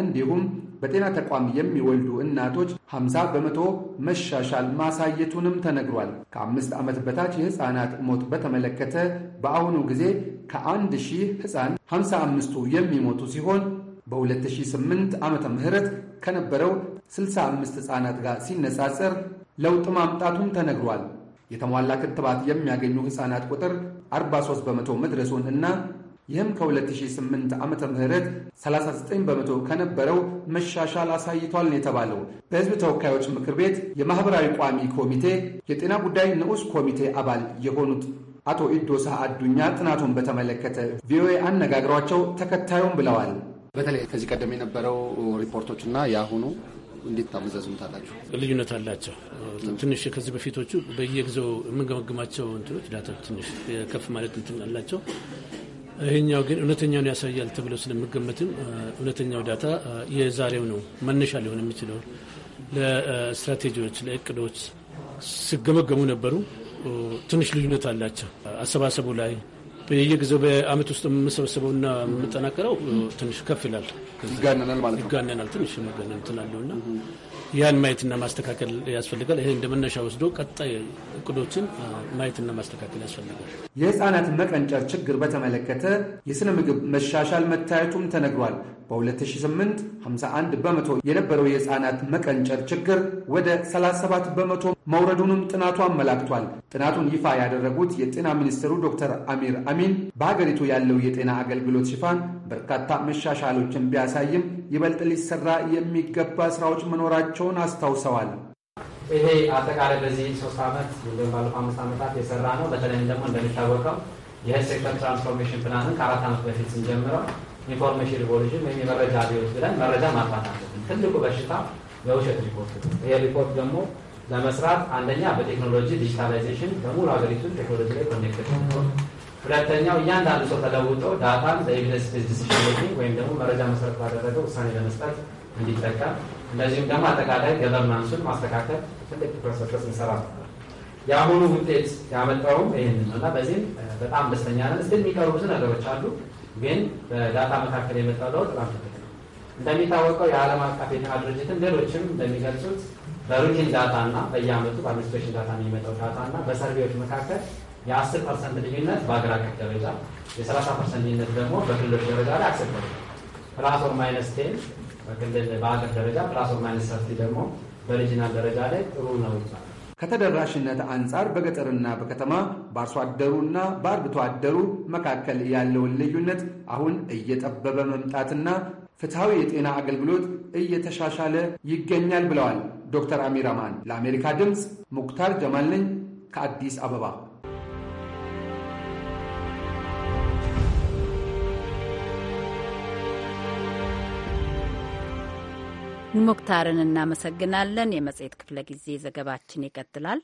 እንዲሁም በጤና ተቋም የሚወልዱ እናቶች 50 በመቶ መሻሻል ማሳየቱንም ተነግሯል። ከአምስት ዓመት በታች የሕፃናት ሞት በተመለከተ በአሁኑ ጊዜ ከአንድ ሺህ ሕፃን 55ቱ የሚሞቱ ሲሆን በ2008 ዓመተ ምህረት ከነበረው 65 ሕፃናት ጋር ሲነጻጸር ለውጥ ማምጣቱን ተነግሯል። የተሟላ ክትባት የሚያገኙ ሕፃናት ቁጥር 43 በመቶ መድረሱን እና ይህም ከ2008 ዓመተ ምህረት 39 በመቶ ከነበረው መሻሻል አሳይቷል ነው የተባለው። በሕዝብ ተወካዮች ምክር ቤት የማኅበራዊ ቋሚ ኮሚቴ የጤና ጉዳይ ንዑስ ኮሚቴ አባል የሆኑት አቶ ኢዶሳ አዱኛ ጥናቱን በተመለከተ ቪኦኤ አነጋግሯቸው ተከታዩም ብለዋል። በተለይ ከዚህ ቀደም የነበረው ሪፖርቶችና የአሁኑ እንዴት ታመዛዝኑታላችሁ? ልዩነት አላቸው። ትንሽ ከዚህ በፊቶቹ በየጊዜው የምንገመግማቸው እንትኖች ዳታ ትንሽ ከፍ ማለት እንትን አላቸው። ይህኛው ግን እውነተኛውን ያሳያል ተብሎ ስለምገመትም እውነተኛው ዳታ የዛሬው ነው መነሻ ሊሆን የሚችለው ለስትራቴጂዎች፣ ለእቅዶች ሲገመገሙ ነበሩ። ትንሽ ልዩነት አላቸው። አሰባሰቡ ላይ በየጊዜው በአመት ውስጥ የምሰበሰበውና የምጠናቀረው ትንሽ ከፍ ይላል፣ ይጋነናል ማለት ነው። ይጋነናል ትንሽ መጋነን ትላለሁ እና ያን ማየትና ማስተካከል ያስፈልጋል። ይሄ እንደ መነሻ ወስዶ ቀጣይ እቅዶችን ማየትና ማስተካከል ያስፈልጋል። የህፃናት መቀንጨር ችግር በተመለከተ የስነ ምግብ መሻሻል መታየቱም ተነግሯል። በ2008 51 በመቶ የነበረው የህፃናት መቀንጨር ችግር ወደ 37 በመቶ መውረዱንም ጥናቱ አመላክቷል። ጥናቱን ይፋ ያደረጉት የጤና ሚኒስትሩ ዶክተር አሚር አሚ በተደጋጋሚ በሀገሪቱ ያለው የጤና አገልግሎት ሽፋን በርካታ መሻሻሎችን ቢያሳይም ይበልጥ ሊሰራ የሚገባ ስራዎች መኖራቸውን አስታውሰዋል። ይሄ አጠቃላይ በዚህ ሶስት ዓመት እንዲሁም ባለፈው አምስት ዓመታት የሰራ ነው። በተለይም ደግሞ እንደሚታወቀው የሄልት ሴክተር ትራንስፎርሜሽን ፕላንን ከአራት ዓመት በፊት ስንጀምረው ኢንፎርሜሽን ሪቮሉሽን ወይም የመረጃ አብዮት ብለን መረጃ ማጥፋት አለብን። ትልቁ በሽታ የውሸት ሪፖርት ነው። ይሄ ሪፖርት ደግሞ ለመስራት አንደኛ በቴክኖሎጂ ዲጂታላይዜሽን በሙሉ ሀገሪቱን ቴክኖሎጂ ላይ ኮኔክት ሁለተኛው እያንዳንዱ ሰው ተለውጦ ዳታን በኤቪደንስ ቤዝ ዲሲሽን ሜኪንግ ወይም ደግሞ መረጃ መሰረት ባደረገው ውሳኔ ለመስጠት እንዲጠቀም፣ እንደዚሁም ደግሞ አጠቃላይ ገቨርናንሱን ማስተካከል ትልቅ ትኩረት ሰጥተን ስንሰራ ነበር። የአሁኑ ውጤት ያመጣውም ይህን ነው እና በዚህም በጣም ደስተኛ ነን። እስቲ የሚቀሩ ብዙ ነገሮች አሉ፣ ግን በዳታ መካከል የመጣው ለውጥ በጣም ትልቅ ነው። እንደሚታወቀው የዓለም አቀፍ የጤና ድርጅትም ሌሎችም እንደሚገልጹት በሩቲን ዳታ እና በየአመቱ በአድሚኒስትሬሽን ዳታ የሚመጣው ዳታ እና በሰርቬዎች መካከል የአስር ፐርሰንት ልዩነት በሀገር አቀፍ ደረጃ የሰላሳ ፐርሰንት ልዩነት ደግሞ በክልሎች ደረጃ ላይ አክሰፕተብል ፕላስ ኦር ማይነስ ቴን በክልል በሀገር ደረጃ ፕላስ ኦር ማይነስ ሰርቲ ደግሞ በሪጂናል ደረጃ ላይ ጥሩ ነው ይባላል። ከተደራሽነት አንጻር በገጠርና በከተማ በአርሶ አደሩና በአርብቶ አደሩ መካከል ያለውን ልዩነት አሁን እየጠበበ መምጣትና ፍትሐዊ የጤና አገልግሎት እየተሻሻለ ይገኛል ብለዋል ዶክተር አሚር አማን። ለአሜሪካ ድምፅ ሙክታር ጀማል ነኝ ከአዲስ አበባ። ሙክታርን እናመሰግናለን። የመጽሔት ክፍለ ጊዜ ዘገባችን ይቀጥላል።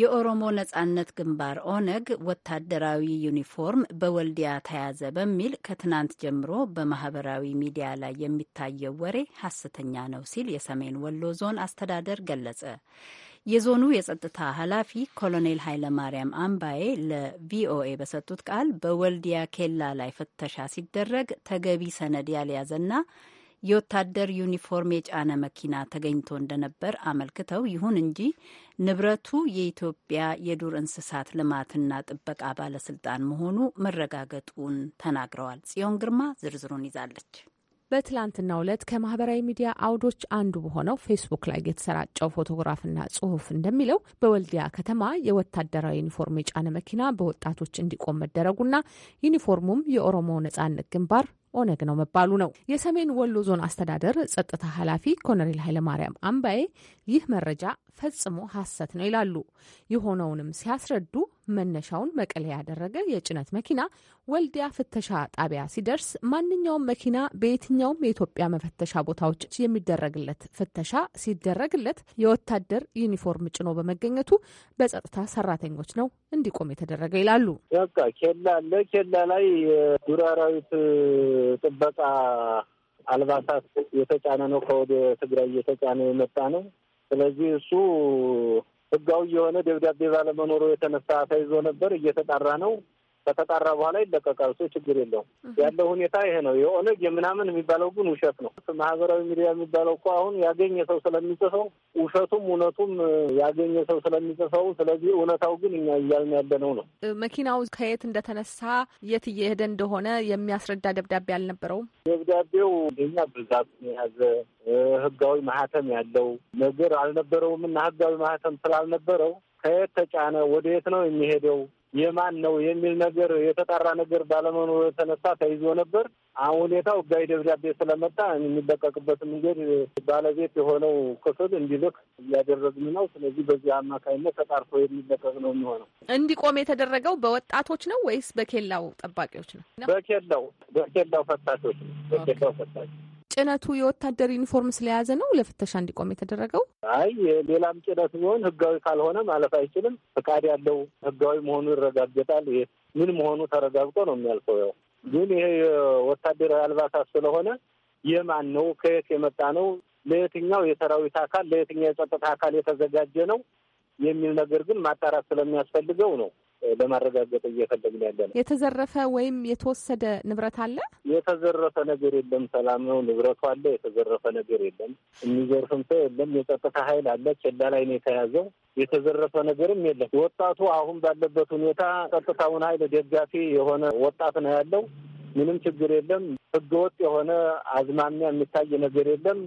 የኦሮሞ ነጻነት ግንባር ኦነግ ወታደራዊ ዩኒፎርም በወልዲያ ተያዘ በሚል ከትናንት ጀምሮ በማህበራዊ ሚዲያ ላይ የሚታየው ወሬ ሐሰተኛ ነው ሲል የሰሜን ወሎ ዞን አስተዳደር ገለጸ። የዞኑ የጸጥታ ኃላፊ ኮሎኔል ኃይለማርያም አምባዬ ለቪኦኤ በሰጡት ቃል በወልዲያ ኬላ ላይ ፍተሻ ሲደረግ ተገቢ ሰነድ ያልያዘና የወታደር ዩኒፎርም የጫነ መኪና ተገኝቶ እንደነበር አመልክተው፣ ይሁን እንጂ ንብረቱ የኢትዮጵያ የዱር እንስሳት ልማትና ጥበቃ ባለስልጣን መሆኑ መረጋገጡን ተናግረዋል። ጽዮን ግርማ ዝርዝሩን ይዛለች። በትላንትናው ዕለት ከማህበራዊ ሚዲያ አውዶች አንዱ በሆነው ፌስቡክ ላይ የተሰራጨው ፎቶግራፍና ጽሁፍ እንደሚለው በወልዲያ ከተማ የወታደራዊ ዩኒፎርም የጫነ መኪና በወጣቶች እንዲቆም መደረጉና ዩኒፎርሙም የኦሮሞ ነጻነት ግንባር ኦነግ ነው መባሉ ነው። የሰሜን ወሎ ዞን አስተዳደር ጸጥታ ኃላፊ ኮሎኔል ኃይለማርያም አምባዬ ይህ መረጃ ፈጽሞ ሐሰት ነው ይላሉ። የሆነውንም ሲያስረዱ መነሻውን መቀሌ ያደረገ የጭነት መኪና ወልዲያ ፍተሻ ጣቢያ ሲደርስ ማንኛውም መኪና በየትኛውም የኢትዮጵያ መፈተሻ ቦታዎች የሚደረግለት ፍተሻ ሲደረግለት የወታደር ዩኒፎርም ጭኖ በመገኘቱ በጸጥታ ሰራተኞች ነው እንዲቆም የተደረገ ይላሉ። በቃ ኬላ አለ። ኬላ ላይ የዱር አራዊት ጥበቃ አልባሳት የተጫነ ነው። ከወደ ትግራይ እየተጫነ የመጣ ነው። ስለዚህ እሱ ህጋዊ የሆነ ደብዳቤ ባለመኖሩ የተነሳ ተይዞ ነበር። እየተጣራ ነው። ከተጣራ በኋላ ይለቀቃል። እሱ ችግር የለውም። ያለው ሁኔታ ይሄ ነው። የኦነግ የምናምን የሚባለው ግን ውሸት ነው። ማህበራዊ ሚዲያ የሚባለው እኮ አሁን ያገኘ ሰው ስለሚጽፈው ውሸቱም እውነቱም ያገኘ ሰው ስለሚጽፈው፣ ስለዚህ እውነታው ግን እኛ እያልን ያለ ነው። መኪናው ከየት እንደተነሳ የት እየሄደ እንደሆነ የሚያስረዳ ደብዳቤ አልነበረውም። ደብዳቤው ኛ ብዛት የያዘ ህጋዊ ማህተም ያለው ነገር አልነበረውም እና ህጋዊ ማህተም ስላልነበረው ከየት ተጫነ፣ ወደ የት ነው የሚሄደው የማን ነው የሚል ነገር የተጣራ ነገር ባለመኖሩ የተነሳ ተይዞ ነበር። አሁን ሁኔታው ሕጋዊ ደብዳቤ ስለመጣ የሚለቀቅበት መንገድ ባለቤት የሆነው ክፍል እንዲልክ እያደረግን ነው። ስለዚህ በዚህ አማካኝነት ተጣርቶ የሚለቀቅ ነው የሚሆነው። እንዲቆም የተደረገው በወጣቶች ነው ወይስ በኬላው ጠባቂዎች ነው? በኬላው በኬላው ፈታሾች ነው። በኬላው ፈታሾች ጭነቱ የወታደር ዩኒፎርም ስለያዘ ነው ለፍተሻ እንዲቆም የተደረገው? አይ ሌላም ጭነት ቢሆን ህጋዊ ካልሆነ ማለፍ አይችልም። ፈቃድ ያለው ህጋዊ መሆኑ ይረጋገጣል። ይሄ ምን መሆኑ ተረጋግጦ ነው የሚያልፈው። ያው ግን ይሄ የወታደር አልባሳት ስለሆነ የማን ነው? ከየት የመጣ ነው? ለየትኛው የሰራዊት አካል፣ ለየትኛው የጸጥታ አካል የተዘጋጀ ነው የሚል ነገር ግን ማጣራት ስለሚያስፈልገው ነው ለማረጋገጥ እየፈለግን ያለ ነው። የተዘረፈ ወይም የተወሰደ ንብረት አለ? የተዘረፈ ነገር የለም። ሰላም ነው። ንብረቱ አለ። የተዘረፈ ነገር የለም። የሚዘርፍም ሰው የለም። የጸጥታ ኃይል አለ። ኬላ ላይ ነው የተያዘው። የተዘረፈ ነገርም የለም። ወጣቱ አሁን ባለበት ሁኔታ ጸጥታውን ኃይል ደጋፊ የሆነ ወጣት ነው ያለው። ምንም ችግር የለም። ህገወጥ የሆነ አዝማሚያ የሚታይ ነገር የለም።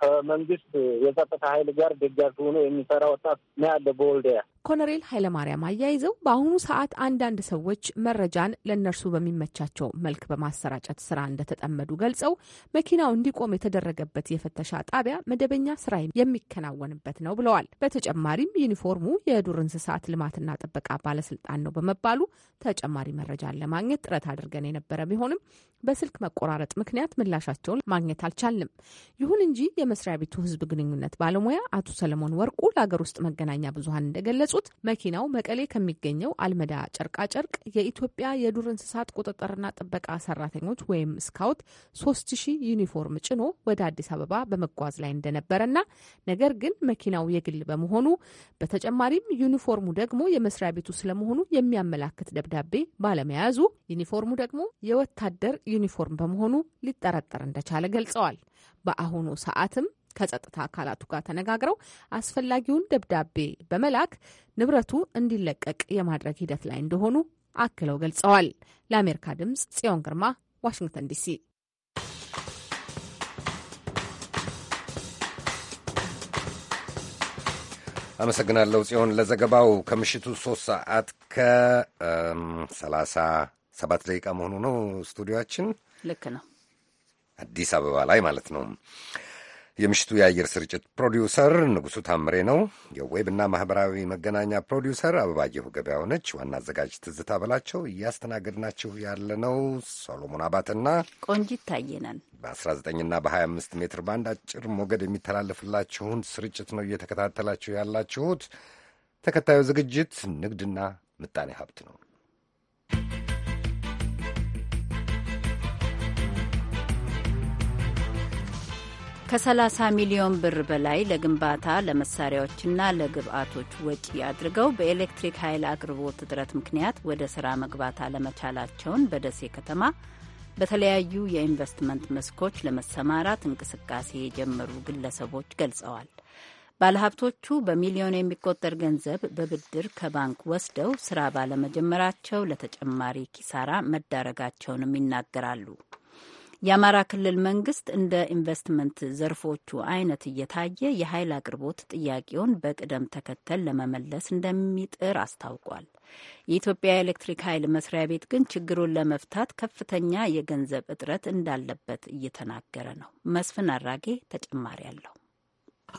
ከመንግስት የጸጥታ ኃይል ጋር ደጋፊ ሆኖ የሚሰራ ወጣት ነው ያለ በወልዲያ ኮሎኔል ኃይለማርያም አያይዘው በአሁኑ ሰዓት አንዳንድ ሰዎች መረጃን ለእነርሱ በሚመቻቸው መልክ በማሰራጨት ስራ እንደተጠመዱ ገልጸው መኪናው እንዲቆም የተደረገበት የፍተሻ ጣቢያ መደበኛ ስራ የሚከናወንበት ነው ብለዋል። በተጨማሪም ዩኒፎርሙ የዱር እንስሳት ልማትና ጥበቃ ባለስልጣን ነው በመባሉ ተጨማሪ መረጃን ለማግኘት ጥረት አድርገን የነበረ ቢሆንም በስልክ መቆራረጥ ምክንያት ምላሻቸውን ማግኘት አልቻልንም። ይሁን እንጂ የመስሪያ ቤቱ ህዝብ ግንኙነት ባለሙያ አቶ ሰለሞን ወርቁ ለሀገር ውስጥ መገናኛ ብዙሀን እንደገለጹ እንደገለጹት መኪናው መቀሌ ከሚገኘው አልመዳ ጨርቃጨርቅ የኢትዮጵያ የዱር እንስሳት ቁጥጥርና ጥበቃ ሰራተኞች ወይም ስካውት ሶስት ዩኒፎርም ጭኖ ወደ አዲስ አበባ በመጓዝ ላይ እንደነበረና ነገር ግን መኪናው የግል በመሆኑ በተጨማሪም ዩኒፎርሙ ደግሞ የመስሪያ ቤቱ ስለመሆኑ የሚያመላክት ደብዳቤ ባለመያዙ ዩኒፎርሙ ደግሞ የወታደር ዩኒፎርም በመሆኑ ሊጠረጠር እንደቻለ ገልጸዋል። በአሁኑ ሰዓትም ከጸጥታ አካላቱ ጋር ተነጋግረው አስፈላጊውን ደብዳቤ በመላክ ንብረቱ እንዲለቀቅ የማድረግ ሂደት ላይ እንደሆኑ አክለው ገልጸዋል። ለአሜሪካ ድምጽ ጽዮን ግርማ ዋሽንግተን ዲሲ። አመሰግናለሁ ጽዮን ለዘገባው። ከምሽቱ ሶስት ሰዓት ከሰላሳ ሰባት ደቂቃ መሆኑ ነው ስቱዲዮችን ልክ ነው፣ አዲስ አበባ ላይ ማለት ነው። የምሽቱ የአየር ስርጭት ፕሮዲውሰር ንጉሡ ታምሬ ነው። የዌብና ማኅበራዊ መገናኛ ፕሮዲውሰር አበባየሁ ገበያ ሆነች ዋና አዘጋጅ ትዝታ በላቸው። እያስተናገድናችሁ ያለነው ሶሎሞን አባትና ቆንጂት ታየነን በ በ19ና በ25 ሜትር ባንድ አጭር ሞገድ የሚተላለፍላችሁን ስርጭት ነው እየተከታተላችሁ ያላችሁት። ተከታዩ ዝግጅት ንግድና ምጣኔ ሀብት ነው። ከ30 ሚሊዮን ብር በላይ ለግንባታ ለመሳሪያዎችና ለግብአቶች ወጪ አድርገው በኤሌክትሪክ ኃይል አቅርቦት እጥረት ምክንያት ወደ ስራ መግባት አለመቻላቸውን በደሴ ከተማ በተለያዩ የኢንቨስትመንት መስኮች ለመሰማራት እንቅስቃሴ የጀመሩ ግለሰቦች ገልጸዋል። ባለሀብቶቹ በሚሊዮን የሚቆጠር ገንዘብ በብድር ከባንክ ወስደው ስራ ባለመጀመራቸው ለተጨማሪ ኪሳራ መዳረጋቸውንም ይናገራሉ። የአማራ ክልል መንግስት እንደ ኢንቨስትመንት ዘርፎቹ አይነት እየታየ የኃይል አቅርቦት ጥያቄውን በቅደም ተከተል ለመመለስ እንደሚጥር አስታውቋል። የኢትዮጵያ ኤሌክትሪክ ኃይል መስሪያ ቤት ግን ችግሩን ለመፍታት ከፍተኛ የገንዘብ እጥረት እንዳለበት እየተናገረ ነው። መስፍን አራጌ ተጨማሪ አለው።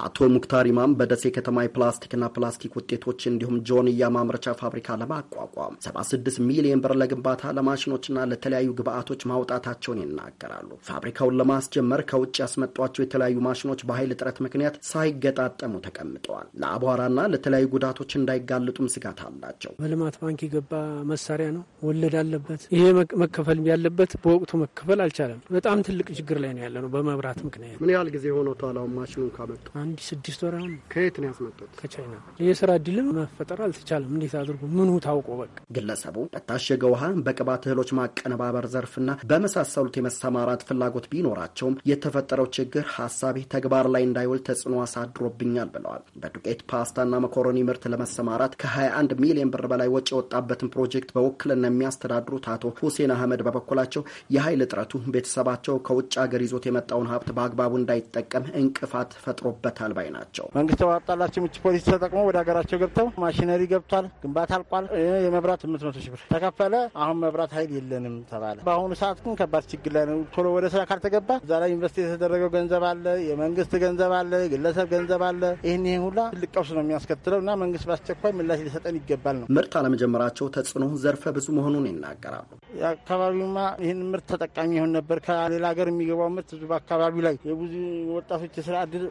አቶ ሙክታር ኢማም በደሴ ከተማ የፕላስቲክና ፕላስቲክ ውጤቶች እንዲሁም ጆንያ ማምረቻ ፋብሪካ ለማቋቋም 76 ሚሊዮን ብር ለግንባታ ለማሽኖችና ለተለያዩ ግብአቶች ማውጣታቸውን ይናገራሉ። ፋብሪካውን ለማስጀመር ከውጭ ያስመጧቸው የተለያዩ ማሽኖች በኃይል እጥረት ምክንያት ሳይገጣጠሙ ተቀምጠዋል። ለአቧራና ለተለያዩ ጉዳቶች እንዳይጋለጡም ስጋት አላቸው። በልማት ባንክ የገባ መሳሪያ ነው፣ ወለድ አለበት። ይሄ መከፈል ያለበት በወቅቱ መከፈል አልቻለም። በጣም ትልቅ ችግር ላይ ነው ያለ ነው በመብራት ምክንያት። ምን ያህል ጊዜ ሆኖታል አሁን ማሽኑን ካመጡ? አንድ ስድስት ወር አሁን። ከየት ነው ያስመጡት? ከቻይና። የስራ እድልም መፈጠር አልተቻለም። እንዴት አድርጉ ምኑ ታውቆ በቃ ግለሰቡ በታሸገ ውሃ በቅባት እህሎች ማቀነባበር ዘርፍና በመሳሰሉት የመሰማራት ፍላጎት ቢኖራቸውም የተፈጠረው ችግር ሀሳቤ ተግባር ላይ እንዳይውል ተጽዕኖ አሳድሮብኛል ብለዋል። በዱቄት ፓስታና መኮረኒ ምርት ለመሰማራት ከ21 ሚሊዮን ብር በላይ ወጪ የወጣበትን ፕሮጀክት በውክልና የሚያስተዳድሩት አቶ ሁሴን አህመድ በበኩላቸው የኃይል እጥረቱ ቤተሰባቸው ከውጭ ሀገር ይዞት የመጣውን ሀብት በአግባቡ እንዳይጠቀም እንቅፋት ፈጥሮበት ይገባበታል ባይ ናቸው። መንግስት ባወጣላቸው ምች ፖሊሲ ተጠቅሞ ወደ ሀገራቸው ገብተው ማሽነሪ ገብቷል፣ ግንባታ አልቋል። የመብራት ስምንት መቶ ሺህ ብር ተከፈለ። አሁን መብራት ኃይል የለንም ተባለ። በአሁኑ ሰዓት ግን ከባድ ችግር ላይ ነው። ቶሎ ወደ ስራ ካልተገባ እዛ ላይ ኢንቨስት የተደረገው ገንዘብ አለ፣ የመንግስት ገንዘብ አለ፣ የግለሰብ ገንዘብ አለ። ይህን ይህ ሁላ ትልቅ ቀውስ ነው የሚያስከትለው እና መንግስት በአስቸኳይ ምላሽ ሊሰጠን ይገባል ነው። ምርት አለመጀመራቸው ተጽዕኖ ዘርፈ ብዙ መሆኑን ይናገራሉ። የአካባቢውማ ይህን ምርት ተጠቃሚ ይሆን ነበር። ከሌላ ሀገር የሚገባው ምርት ብዙ በአካባቢው ላይ የብዙ ወጣቶች የስራ እድል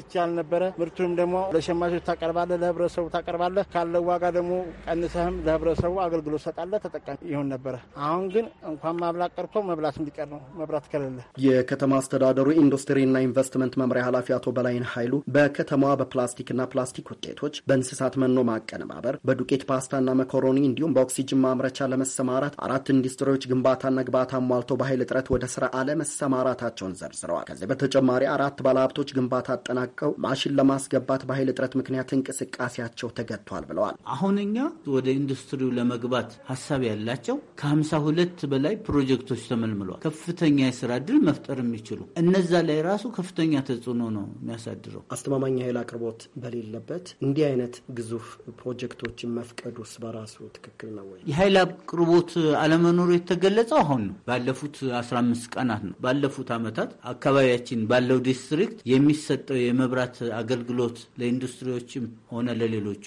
ይቻል ያልነበረ ምርቱንም ደግሞ ለሸማቾች ታቀርባለህ፣ ለህብረተሰቡ ታቀርባለህ። ካለው ዋጋ ደግሞ ቀንሰህም ለህብረተሰቡ አገልግሎት ሰጣለህ፣ ተጠቃሚ ይሆን ነበረ። አሁን ግን እንኳን ማብላት ቀርቶ መብላት እንዲቀር ነው። መብራት ከሌለ የከተማ አስተዳደሩ ኢንዱስትሪና ኢንቨስትመንት መምሪያ ኃላፊ አቶ በላይን ኃይሉ በከተማዋ በፕላስቲክና ፕላስቲክ ውጤቶች በእንስሳት መኖ ማቀነባበር፣ በዱቄት ፓስታና መኮሮኒ እንዲሁም በኦክሲጅን ማምረቻ ለመሰማራት አራት ኢንዱስትሪዎች ግንባታና ግብዓት አሟልተው በኃይል እጥረት ወደ ስራ አለመሰማራታቸውን ዘርዝረዋል። ከዚህ በተጨማሪ አራት ባለሀብቶች ግንባታ ተፈናቅቀው ማሽን ለማስገባት በኃይል እጥረት ምክንያት እንቅስቃሴያቸው ተገድቷል ብለዋል። አሁን እኛ ወደ ኢንዱስትሪው ለመግባት ሀሳብ ያላቸው ከሀምሳ ሁለት በላይ ፕሮጀክቶች ተመልምለዋል። ከፍተኛ የስራ እድል መፍጠር የሚችሉ እነዛ ላይ ራሱ ከፍተኛ ተጽዕኖ ነው የሚያሳድረው። አስተማማኝ ኃይል አቅርቦት በሌለበት እንዲህ አይነት ግዙፍ ፕሮጀክቶችን መፍቀዱስ በራሱ ትክክል ነው ወይ? የኃይል አቅርቦት አለመኖሩ የተገለጸው አሁን ነው። ባለፉት 15 ቀናት ነው። ባለፉት ዓመታት አካባቢያችን ባለው ዲስትሪክት የሚሰጠው የመብራት አገልግሎት ለኢንዱስትሪዎችም ሆነ ለሌሎቹ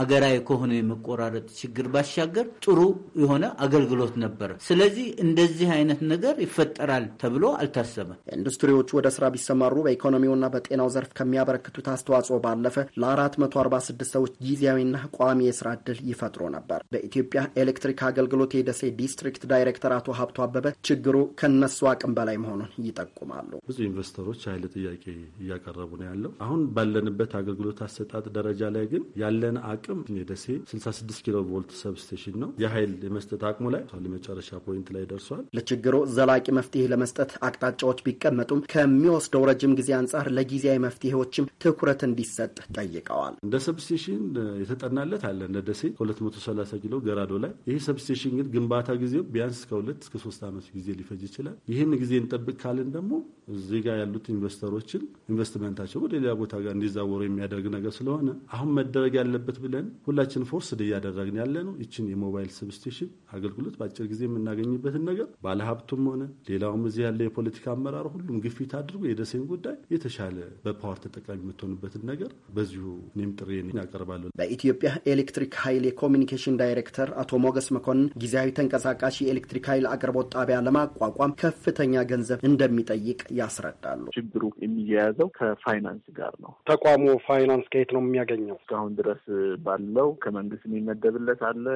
አገራዊ ከሆነ የመቆራረጥ ችግር ባሻገር ጥሩ የሆነ አገልግሎት ነበር። ስለዚህ እንደዚህ አይነት ነገር ይፈጠራል ተብሎ አልታሰበም። ኢንዱስትሪዎቹ ወደ ስራ ቢሰማሩ በኢኮኖሚውና በጤናው ዘርፍ ከሚያበረክቱት አስተዋጽኦ ባለፈ ለ446 ሰዎች ጊዜያዊና ቋሚ የስራ እድል ይፈጥሮ ነበር። በኢትዮጵያ ኤሌክትሪክ አገልግሎት የደሴ ዲስትሪክት ዳይሬክተር አቶ ሀብቶ አበበ ችግሩ ከነሱ አቅም በላይ መሆኑን ይጠቁማሉ። ብዙ ኢንቨስተሮች ኃይል ጥያቄ እያቀረቡ ነው ያለው። አሁን ባለንበት አገልግሎት አሰጣጥ ደረጃ ላይ ግን ያለን አቅም የደሴ 66 ኪሎ ቮልት ሰብስቴሽን ነው። የኃይል የመስጠት አቅሙ ላይ የመጨረሻ ፖይንት ላይ ደርሷል። ለችግሩ ዘላቂ መፍትሄ ለመስጠት አቅጣጫዎች ቢቀመጡም ከሚወስደው ረጅም ጊዜ አንጻር ለጊዜያዊ መፍትሄዎችም ትኩረት እንዲሰጥ ጠይቀዋል። እንደ ሰብስቴሽን የተጠናለት አለ እንደ ደሴ 230 ኪሎ ገራዶ ላይ። ይህ ሰብስቴሽን ግን ግንባታ ጊዜው ቢያንስ ከሁለት እስከ ሶስት ዓመት ጊዜ ሊፈጅ ይችላል። ይህን ጊዜ እንጠብቅ ካልን ደግሞ እዚህ ጋር ያሉት ኢንቨስተሮችን ኢንቨስትመንታቸው ወደ ሌላ ቦታ ጋር እንዲዛወሩ የሚያደርግ ነገር ስለሆነ አሁን መደረግ ያለበት ብለን ሁላችን ፎርስ ድ እያደረግን ያለ ነው። ይችን የሞባይል ሰብስቴሽን አገልግሎት በአጭር ጊዜ የምናገኝበትን ነገር ባለሀብቱም ሆነ ሌላውም እዚህ ያለ የፖለቲካ አመራር ሁሉም ግፊት አድርጎ የደሴን ጉዳይ የተሻለ በፓወር ተጠቃሚ የምትሆንበትን ነገር በዚሁ እኔም ጥሪ ያቀርባለሁ። በኢትዮጵያ ኤሌክትሪክ ኃይል የኮሚኒኬሽን ዳይሬክተር አቶ ሞገስ መኮንን ጊዜያዊ ተንቀሳቃሽ የኤሌክትሪክ ኃይል አቅርቦት ጣቢያ ለማቋቋም ከፍተኛ ገንዘብ እንደሚጠይቅ ያስረዳሉ። ችግሩ የሚያያዘው ከፋይናንስ ጋር ነው። ተቋሙ ፋይናንስ ከየት ነው የሚያገኘው? እስካሁን ድረስ ባለው ከመንግስት የሚመደብለት አለ፣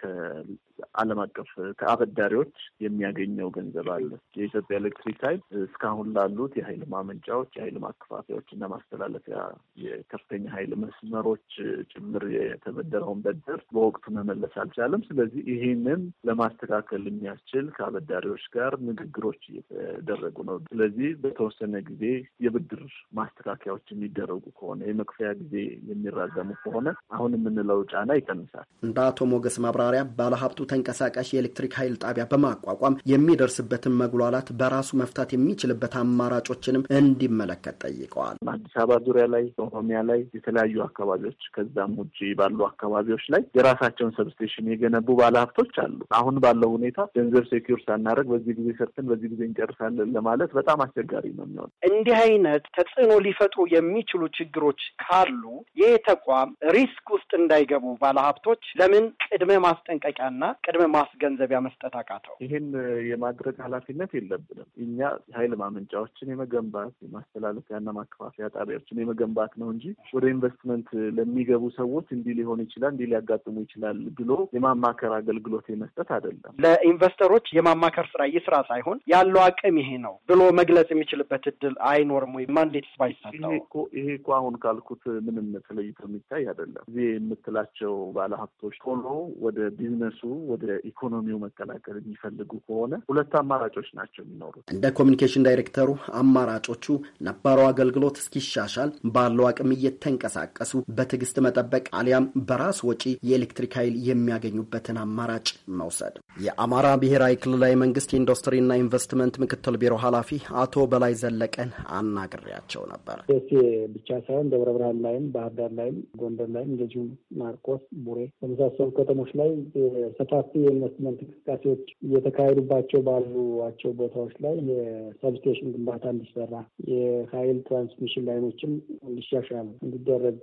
ከዓለም አቀፍ ከአበዳሪዎች የሚያገኘው ገንዘብ አለ። የኢትዮጵያ ኤሌክትሪክ ኃይል እስካሁን ላሉት የኃይል ማመንጫዎች፣ የኃይል ማከፋፊያዎች እና ማስተላለፊያ የከፍተኛ ኃይል መስመሮች ጭምር የተበደረውን በድር በወቅቱ መመለስ አልቻለም። ስለዚህ ይህንን ለማስተካከል የሚያስችል ከአበዳሪዎች ጋር ንግግሮች እየተደረጉ ነው። ስለዚህ በተወሰነ ጊዜ የብድር ማስተካከያዎች የሚደረጉ ከሆነ የመክፈያ ጊዜ የሚራዘሙ ከሆነ አሁን አሁን የምንለው ጫና ይቀንሳል። እንደ አቶ ሞገስ ማብራሪያ ባለሀብቱ ተንቀሳቃሽ የኤሌክትሪክ ኃይል ጣቢያ በማቋቋም የሚደርስበትን መጉላላት በራሱ መፍታት የሚችልበት አማራጮችንም እንዲመለከት ጠይቀዋል። አዲስ አበባ ዙሪያ ላይ፣ ኦሮሚያ ላይ፣ የተለያዩ አካባቢዎች ከዛም ውጭ ባሉ አካባቢዎች ላይ የራሳቸውን ሰብስቴሽን የገነቡ ባለሀብቶች አሉ። አሁን ባለው ሁኔታ ገንዘብ ሴኪር ሳናደርግ በዚህ ጊዜ ሰርተን በዚህ ጊዜ እንጨርሳለን ለማለት በጣም አስቸጋሪ ነው የሚሆነው። እንዲህ አይነት ተጽዕኖ ሊፈጥሩ የሚችሉ ችግሮች ካሉ ይህ ተቋም ሪስክ ውስጥ እንዳይገቡ ባለሀብቶች ለምን ቅድመ ማስጠንቀቂያና ቅድመ ማስገንዘቢያ መስጠት አቃተው? ይህን የማድረግ ኃላፊነት የለብንም እኛ ኃይል ማመንጫዎችን የመገንባት የማስተላለፊያና ማከፋፈያ ጣቢያዎችን የመገንባት ነው እንጂ ወደ ኢንቨስትመንት ለሚገቡ ሰዎች እንዲህ ሊሆን ይችላል እንዲህ ሊያጋጥሙ ይችላል ብሎ የማማከር አገልግሎት የመስጠት አይደለም። ለኢንቨስተሮች የማማከር ስራ ይስራ ሳይሆን ያለው አቅም ይሄ ነው ብሎ መግለጽ የሚችልበት እድል አይኖርም ወይ? ማንዴት ባይሰጠው ይሄ እኮ አሁን ካልኩት ምንም ተለይቶ የሚታይ አይደለም። እዚህ የምትላቸው ባለሀብቶች ቶሎ ወደ ቢዝነሱ ወደ ኢኮኖሚው መቀላቀል የሚፈልጉ ከሆነ ሁለት አማራጮች ናቸው የሚኖሩት። እንደ ኮሚኒኬሽን ዳይሬክተሩ አማራጮቹ ነባረው አገልግሎት እስኪሻሻል ባለው አቅም እየተንቀሳቀሱ በትዕግስት መጠበቅ አሊያም በራስ ወጪ የኤሌክትሪክ ኃይል የሚያገኙበትን አማራጭ መውሰድ። የአማራ ብሔራዊ ክልላዊ መንግስት ኢንዱስትሪና ኢንቨስትመንት ምክትል ቢሮ ኃላፊ አቶ በላይ ዘለቀን አናግሬያቸው ነበር። ደሴ ብቻ ሳይሆን ደብረ ብርሃን ላይም፣ ባህር ዳር ላይም፣ ጎንደር ላይም እንደዚሁም ማርቆስ፣ ቡሬ በመሳሰሉ ከተሞች ላይ ሰፋፊ የኢንቨስትመንት እንቅስቃሴዎች እየተካሄዱባቸው ባሉዋቸው ቦታዎች ላይ የሰብስቴሽን ግንባታ እንዲሰራ፣ የሀይል ትራንስሚሽን ላይኖችም እንዲሻሻሉ እንዲደረግ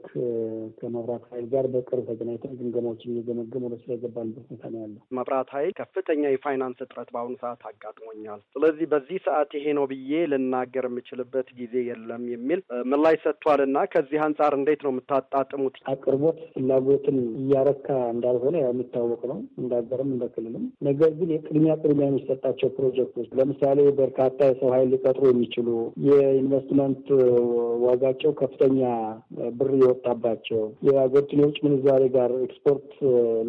ከመብራት ሀይል ጋር በቅርብ ተገናኝተን ግምገማዎችን እየገመገም ወደ ስራ የገባንበት ሁኔታ ነው ያለው። መብራት ሀይል ከፍተኛ የፋይናንስ እጥረት በአሁኑ ሰዓት አጋጥሞኛል። ስለዚህ በዚህ ሰዓት ይሄ ነው ብዬ ልናገር የምችልበት ጊዜ የለም የሚል ምላሽ ሰጥቷል እና ከዚህ አንጻር እንዴት ነው የምታጣጥሙት? አቅርቦት ፍላጎትን እያረካ እንዳልሆነ ያው የሚታወቅ ነው እንደ ሀገርም እንደ ክልልም። ነገር ግን የቅድሚያ ቅድሚያ የሚሰጣቸው ፕሮጀክቶች ለምሳሌ በርካታ የሰው ኃይል ሊቀጥሩ የሚችሉ የኢንቨስትመንት ዋጋቸው ከፍተኛ ብር የወጣባቸው የሀገሪቱን የውጭ ምንዛሬ ጋር ኤክስፖርት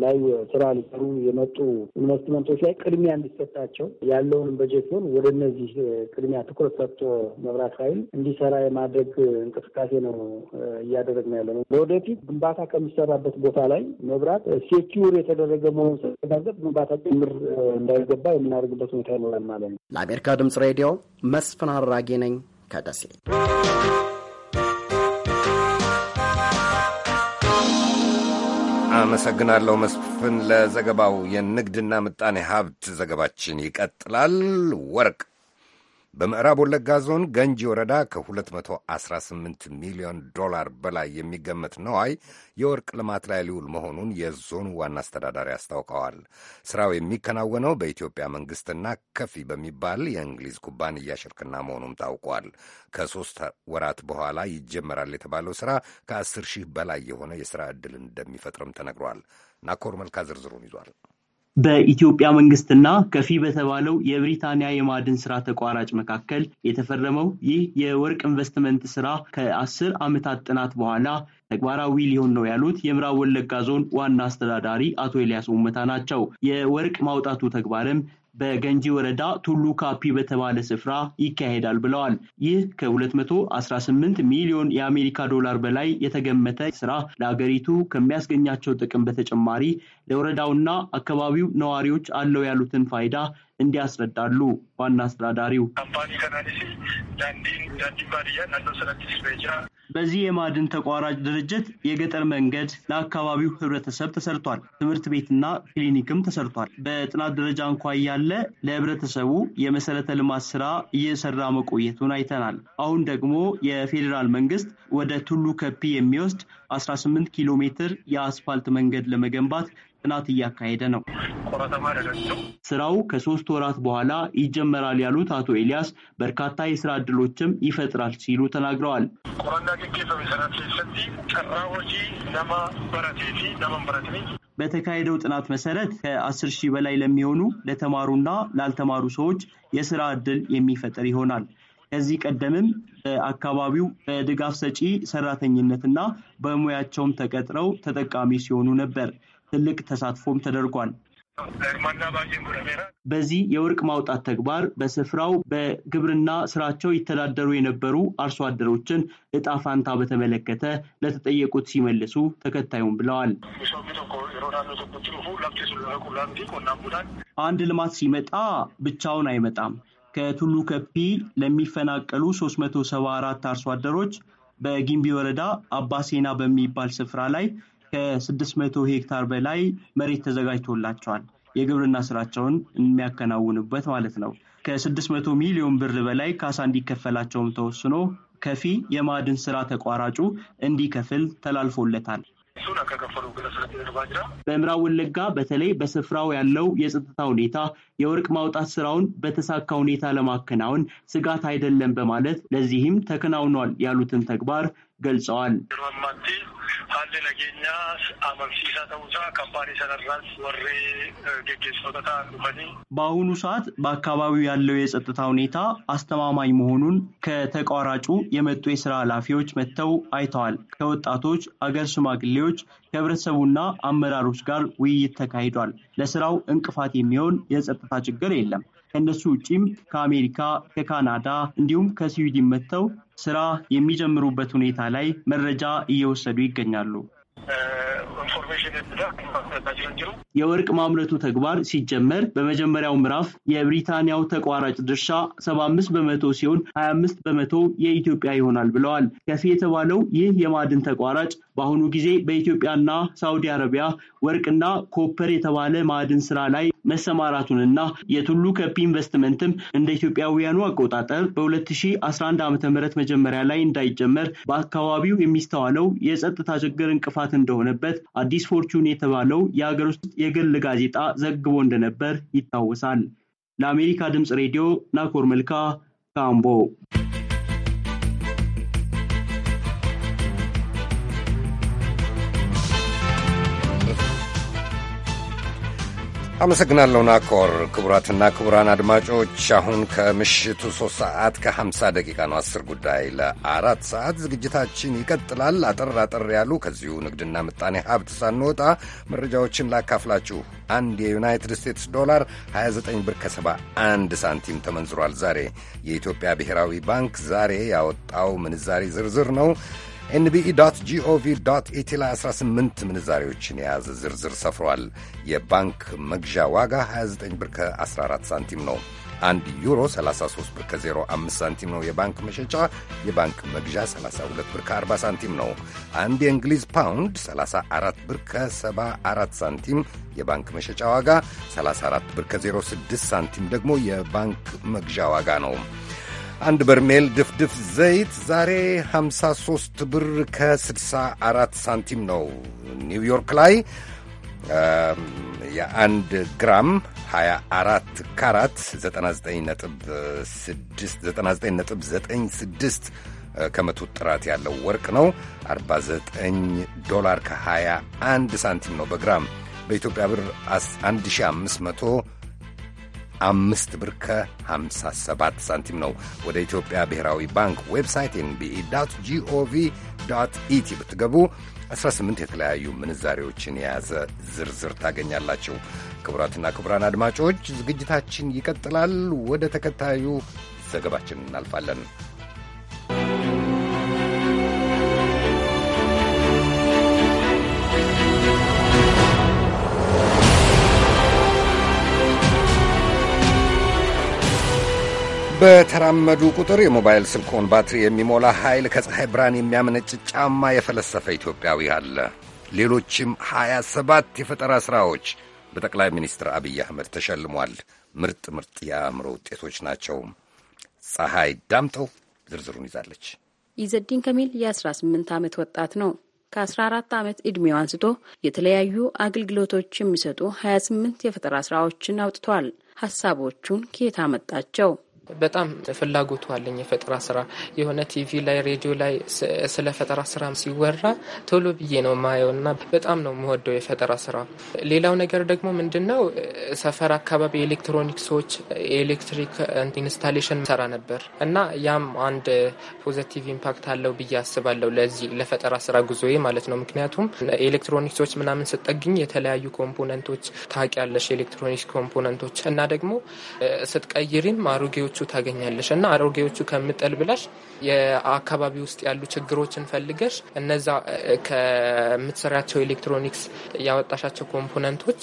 ላይ ስራ ሊሰሩ የመጡ ኢንቨስትመንቶች ላይ ቅድሚያ እንዲሰጣቸው ያለውን በጀት ሆን ወደ እነዚህ ቅድሚያ ትኩረት ሰጥቶ መብራት ኃይል እንዲሰራ የማድረግ እንቅስቃሴ ነው እያደረግን ያለ ነው። ለወደፊት ግንባታ የሚሰራበት ቦታ ላይ መብራት ሴኪውር የተደረገ መሆኑ ስለተረጋገጠ መብራት ጭምር እንዳይገባ የምናደርግበት ሁኔታ ይኖራል ማለት ነው። ለአሜሪካ ድምጽ ሬዲዮ መስፍን አራጌ ነኝ ከደሴ። አመሰግናለሁ መስፍን ለዘገባው። የንግድና ምጣኔ ሀብት ዘገባችን ይቀጥላል። ወርቅ በምዕራብ ወለጋ ዞን ገንጂ ወረዳ ከ218 ሚሊዮን ዶላር በላይ የሚገመት ነዋይ የወርቅ ልማት ላይ ሊውል መሆኑን የዞኑ ዋና አስተዳዳሪ አስታውቀዋል። ስራው የሚከናወነው በኢትዮጵያ መንግስትና ከፊ በሚባል የእንግሊዝ ኩባንያ ሽርክና መሆኑም ታውቋል። ከሶስት ወራት በኋላ ይጀመራል የተባለው ስራ ከ10 ሺህ በላይ የሆነ የስራ ዕድል እንደሚፈጥርም ተነግሯል። ናኮር መልካ ዝርዝሩን ይዟል። በኢትዮጵያ መንግስትና ከፊ በተባለው የብሪታንያ የማዕድን ስራ ተቋራጭ መካከል የተፈረመው ይህ የወርቅ ኢንቨስትመንት ስራ ከአስር ዓመታት ጥናት በኋላ ተግባራዊ ሊሆን ነው ያሉት የምዕራብ ወለጋ ዞን ዋና አስተዳዳሪ አቶ ኤልያስ ውመታ ናቸው። የወርቅ ማውጣቱ ተግባርም በገንጂ ወረዳ ቱሉ ካፒ በተባለ ስፍራ ይካሄዳል ብለዋል። ይህ ከ218 ሚሊዮን የአሜሪካ ዶላር በላይ የተገመተ ስራ ለአገሪቱ ከሚያስገኛቸው ጥቅም በተጨማሪ ለወረዳውና አካባቢው ነዋሪዎች አለው ያሉትን ፋይዳ እንዲያስረዳሉ ዋና አስተዳዳሪው በዚህ የማዕድን ተቋራጭ ድርጅት የገጠር መንገድ ለአካባቢው ህብረተሰብ ተሰርቷል። ትምህርት ቤትና ክሊኒክም ተሰርቷል። በጥናት ደረጃ እንኳ ያለ ለህብረተሰቡ የመሰረተ ልማት ስራ እየሰራ መቆየቱን አይተናል። አሁን ደግሞ የፌዴራል መንግስት ወደ ቱሉ ከፒ የሚወስድ 18 ኪሎ ሜትር የአስፋልት መንገድ ለመገንባት ጥናት እያካሄደ ነው። ስራው ከሶስት ወራት በኋላ ይጀመራል ያሉት አቶ ኤልያስ በርካታ የስራ እድሎችም ይፈጥራል ሲሉ ተናግረዋል። በተካሄደው ጥናት መሰረት ከአስር ሺህ በላይ ለሚሆኑ ለተማሩና ላልተማሩ ሰዎች የስራ እድል የሚፈጥር ይሆናል። ከዚህ ቀደምም በአካባቢው በድጋፍ ሰጪ ሰራተኝነትና በሙያቸውም ተቀጥረው ተጠቃሚ ሲሆኑ ነበር። ትልቅ ተሳትፎም ተደርጓል። በዚህ የወርቅ ማውጣት ተግባር በስፍራው በግብርና ስራቸው ይተዳደሩ የነበሩ አርሶ አደሮችን እጣ ፋንታ በተመለከተ ለተጠየቁት ሲመልሱ ተከታዩም ብለዋል። አንድ ልማት ሲመጣ ብቻውን አይመጣም። ከቱሉ ከፒ ለሚፈናቀሉ 374 አርሶ አደሮች በጊምቢ ወረዳ አባሴና በሚባል ስፍራ ላይ ከ600 ሄክታር በላይ መሬት ተዘጋጅቶላቸዋል። የግብርና ስራቸውን የሚያከናውኑበት ማለት ነው። ከ600 ሚሊዮን ብር በላይ ካሳ እንዲከፈላቸውም ተወስኖ ከፊ የማዕድን ስራ ተቋራጩ እንዲከፍል ተላልፎለታል። በምዕራብ ወለጋ በተለይ በስፍራው ያለው የጸጥታ ሁኔታ የወርቅ ማውጣት ስራውን በተሳካ ሁኔታ ለማከናወን ስጋት አይደለም በማለት ለዚህም ተከናውኗል ያሉትን ተግባር ገልጸዋል። haalli nageenyaa amansiisaa ta'uusaa kampaanii sanarraas warri eh, gaggeessitoota ta'an dhufanii. በአሁኑ ሰዓት በአካባቢው ያለው የጸጥታ ሁኔታ አስተማማኝ መሆኑን ከተቋራጩ የመጡ የስራ ኃላፊዎች መጥተው አይተዋል። ከወጣቶች አገር ሽማግሌዎች ከህብረተሰቡና አመራሮች ጋር ውይይት ተካሂዷል። ለስራው እንቅፋት የሚሆን የጸጥታ ችግር የለም። ከእነሱ ውጪም ከአሜሪካ፣ ከካናዳ እንዲሁም ከስዊድን መጥተው ስራ የሚጀምሩበት ሁኔታ ላይ መረጃ እየወሰዱ ይገኛሉ። የወርቅ ማምረቱ ተግባር ሲጀመር በመጀመሪያው ምዕራፍ የብሪታንያው ተቋራጭ ድርሻ ሰባ በመቶ ሲሆን ሀያ አምስት በመቶ የኢትዮጵያ ይሆናል ብለዋል። ከፊ የተባለው ይህ የማዕድን ተቋራጭ በአሁኑ ጊዜ በኢትዮጵያና ሳውዲ አረቢያ ወርቅና ኮፐር የተባለ ማዕድን ስራ ላይ መሰማራቱንና የቱሉ ከፒ ኢንቨስትመንትም እንደ ኢትዮጵያውያኑ አቆጣጠር በ2011 ዓ ም መጀመሪያ ላይ እንዳይጀመር በአካባቢው የሚስተዋለው የጸጥታ ችግር እንቅፋት እንደሆነበት አዲስ ፎርቹን የተባለው የሀገር ውስጥ የግል ጋዜጣ ዘግቦ እንደነበር ይታወሳል። ለአሜሪካ ድምፅ ሬዲዮ ናኮር መልካ ካምቦ አመሰግናለሁ ናኮር። ክቡራትና ክቡራን አድማጮች አሁን ከምሽቱ ሶስት ሰዓት ከ ከ50 ደቂቃ ነው። አስር ጉዳይ ለአራት ሰዓት ዝግጅታችን ይቀጥላል። አጠር አጠር ያሉ ከዚሁ ንግድና ምጣኔ ሀብት ሳንወጣ መረጃዎችን ላካፍላችሁ። አንድ የዩናይትድ ስቴትስ ዶላር 29 ብር ከ71 ሳንቲም ተመንዝሯል። ዛሬ የኢትዮጵያ ብሔራዊ ባንክ ዛሬ ያወጣው ምንዛሪ ዝርዝር ነው። ኤንቢኢ ጂኦቪ ኢቲ ላይ 18 ምንዛሬዎችን የያዘ ዝርዝር ሰፍሯል። የባንክ መግዣ ዋጋ 29 ብር ከ14 ሳንቲም ነው። አንድ ዩሮ 33 ብር ከ05 ሳንቲም ነው። የባንክ መሸጫ የባንክ መግዣ 32 ብር ከ40 ሳንቲም ነው። አንድ የእንግሊዝ ፓውንድ 34 ብር ከ74 ሳንቲም የባንክ መሸጫ ዋጋ 34 ብር ከ06 ሳንቲም ደግሞ የባንክ መግዣ ዋጋ ነው። አንድ በርሜል ድፍድፍ ዘይት ዛሬ 53 ብር ከ64 ሳንቲም ነው። ኒውዮርክ ላይ የአንድ ግራም 24 ካራት 99.96 ከመቶ ጥራት ያለው ወርቅ ነው። 49 ዶላር ከ21 ሳንቲም ነው በግራም በኢትዮጵያ ብር 1500 አምስት ብር ከ57 ሳንቲም ነው። ወደ ኢትዮጵያ ብሔራዊ ባንክ ዌብሳይት ኤንቢኢ ጂኦቪ ኢቲ ብትገቡ 18 የተለያዩ ምንዛሬዎችን የያዘ ዝርዝር ታገኛላችሁ። ክቡራትና ክቡራን አድማጮች ዝግጅታችን ይቀጥላል። ወደ ተከታዩ ዘገባችን እናልፋለን። በተራመዱ ቁጥር የሞባይል ስልኮን ባትሪ የሚሞላ ኃይል ከፀሐይ ብርሃን የሚያመነጭ ጫማ የፈለሰፈ ኢትዮጵያዊ አለ። ሌሎችም ሀያ ሰባት የፈጠራ ሥራዎች በጠቅላይ ሚኒስትር አብይ አህመድ ተሸልሟል። ምርጥ ምርጥ የአእምሮ ውጤቶች ናቸው። ፀሐይ ዳምጠው ዝርዝሩን ይዛለች። ኢዘዲን ከሚል የ18 ዓመት ወጣት ነው። ከ14 ዓመት ዕድሜው አንስቶ የተለያዩ አገልግሎቶች የሚሰጡ 28 የፈጠራ ሥራዎችን አውጥቷል። ሐሳቦቹን ከየት አመጣቸው? በጣም ፍላጎቱ አለኝ የፈጠራ ስራ። የሆነ ቲቪ ላይ ሬዲዮ ላይ ስለ ፈጠራ ስራ ሲወራ ቶሎ ብዬ ነው ማየው እና በጣም ነው የምወደው የፈጠራ ስራ። ሌላው ነገር ደግሞ ምንድን ነው ሰፈር አካባቢ ኤሌክትሮኒክሶች፣ ኤሌክትሪክ ኢንስታሌሽን ሰራ ነበር እና ያም አንድ ፖዘቲቭ ኢምፓክት አለው ብዬ አስባለሁ ለዚህ ለፈጠራ ስራ ጉዞዬ ማለት ነው። ምክንያቱም ኤሌክትሮኒክሶች ምናምን ስጠግኝ የተለያዩ ኮምፖነንቶች ታውቂያለሽ፣ ኤሌክትሮኒክስ ኮምፖነንቶች እና ደግሞ ስትቀይሪም አሮጌዎቹ ከአሮጌዎቹ ታገኛለሽ እና አሮጌዎቹ ከምጠል ብለሽ የአካባቢ ውስጥ ያሉ ችግሮችን ፈልገሽ እነዛ ከምትሰራቸው ኤሌክትሮኒክስ ያወጣሻቸው ኮምፖነንቶች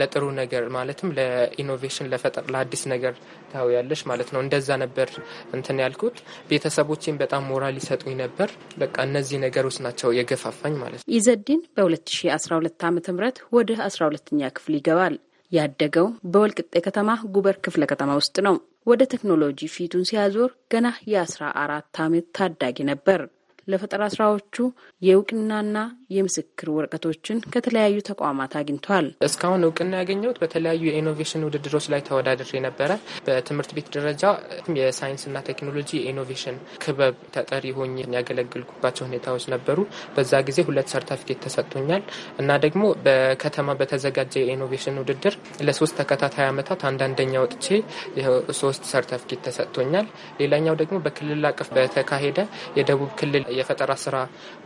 ለጥሩ ነገር ማለትም ለኢኖቬሽን ለፈጠር ለአዲስ ነገር ታውያለሽ ማለት ነው። እንደዛ ነበር እንትን ያልኩት። ቤተሰቦቼም በጣም ሞራል ይሰጡኝ ነበር። በቃ እነዚህ ነገሮች ናቸው የገፋፋኝ ማለት ነው። ኢዘዲን በ2012 ዓ ም ወደ 12ኛ ክፍል ይገባል። ያደገው በወልቅጤ ከተማ ጉበር ክፍለ ከተማ ውስጥ ነው። ወደ ቴክኖሎጂ ፊቱን ሲያዞር ገና የአስራ አራት ዓመት ታዳጊ ነበር። ለፈጠራ ስራዎቹ የእውቅናና የምስክር ወረቀቶችን ከተለያዩ ተቋማት አግኝቷል። እስካሁን እውቅና ያገኘሁት በተለያዩ የኢኖቬሽን ውድድሮች ላይ ተወዳድሬ ነበረ። በትምህርት ቤት ደረጃ የሳይንስና ቴክኖሎጂ የኢኖቬሽን ክበብ ተጠሪ ሆኜ ያገለግልኩባቸው ሁኔታዎች ነበሩ። በዛ ጊዜ ሁለት ሰርተፊኬት ተሰጥቶኛል እና ደግሞ በከተማ በተዘጋጀ የኢኖቬሽን ውድድር ለሶስት ተከታታይ አመታት አንዳንደኛ ወጥቼ ሶስት ሰርተፊኬት ተሰጥቶኛል። ሌላኛው ደግሞ በክልል አቀፍ በተካሄደ የደቡብ ክልል የፈጠራ ስራ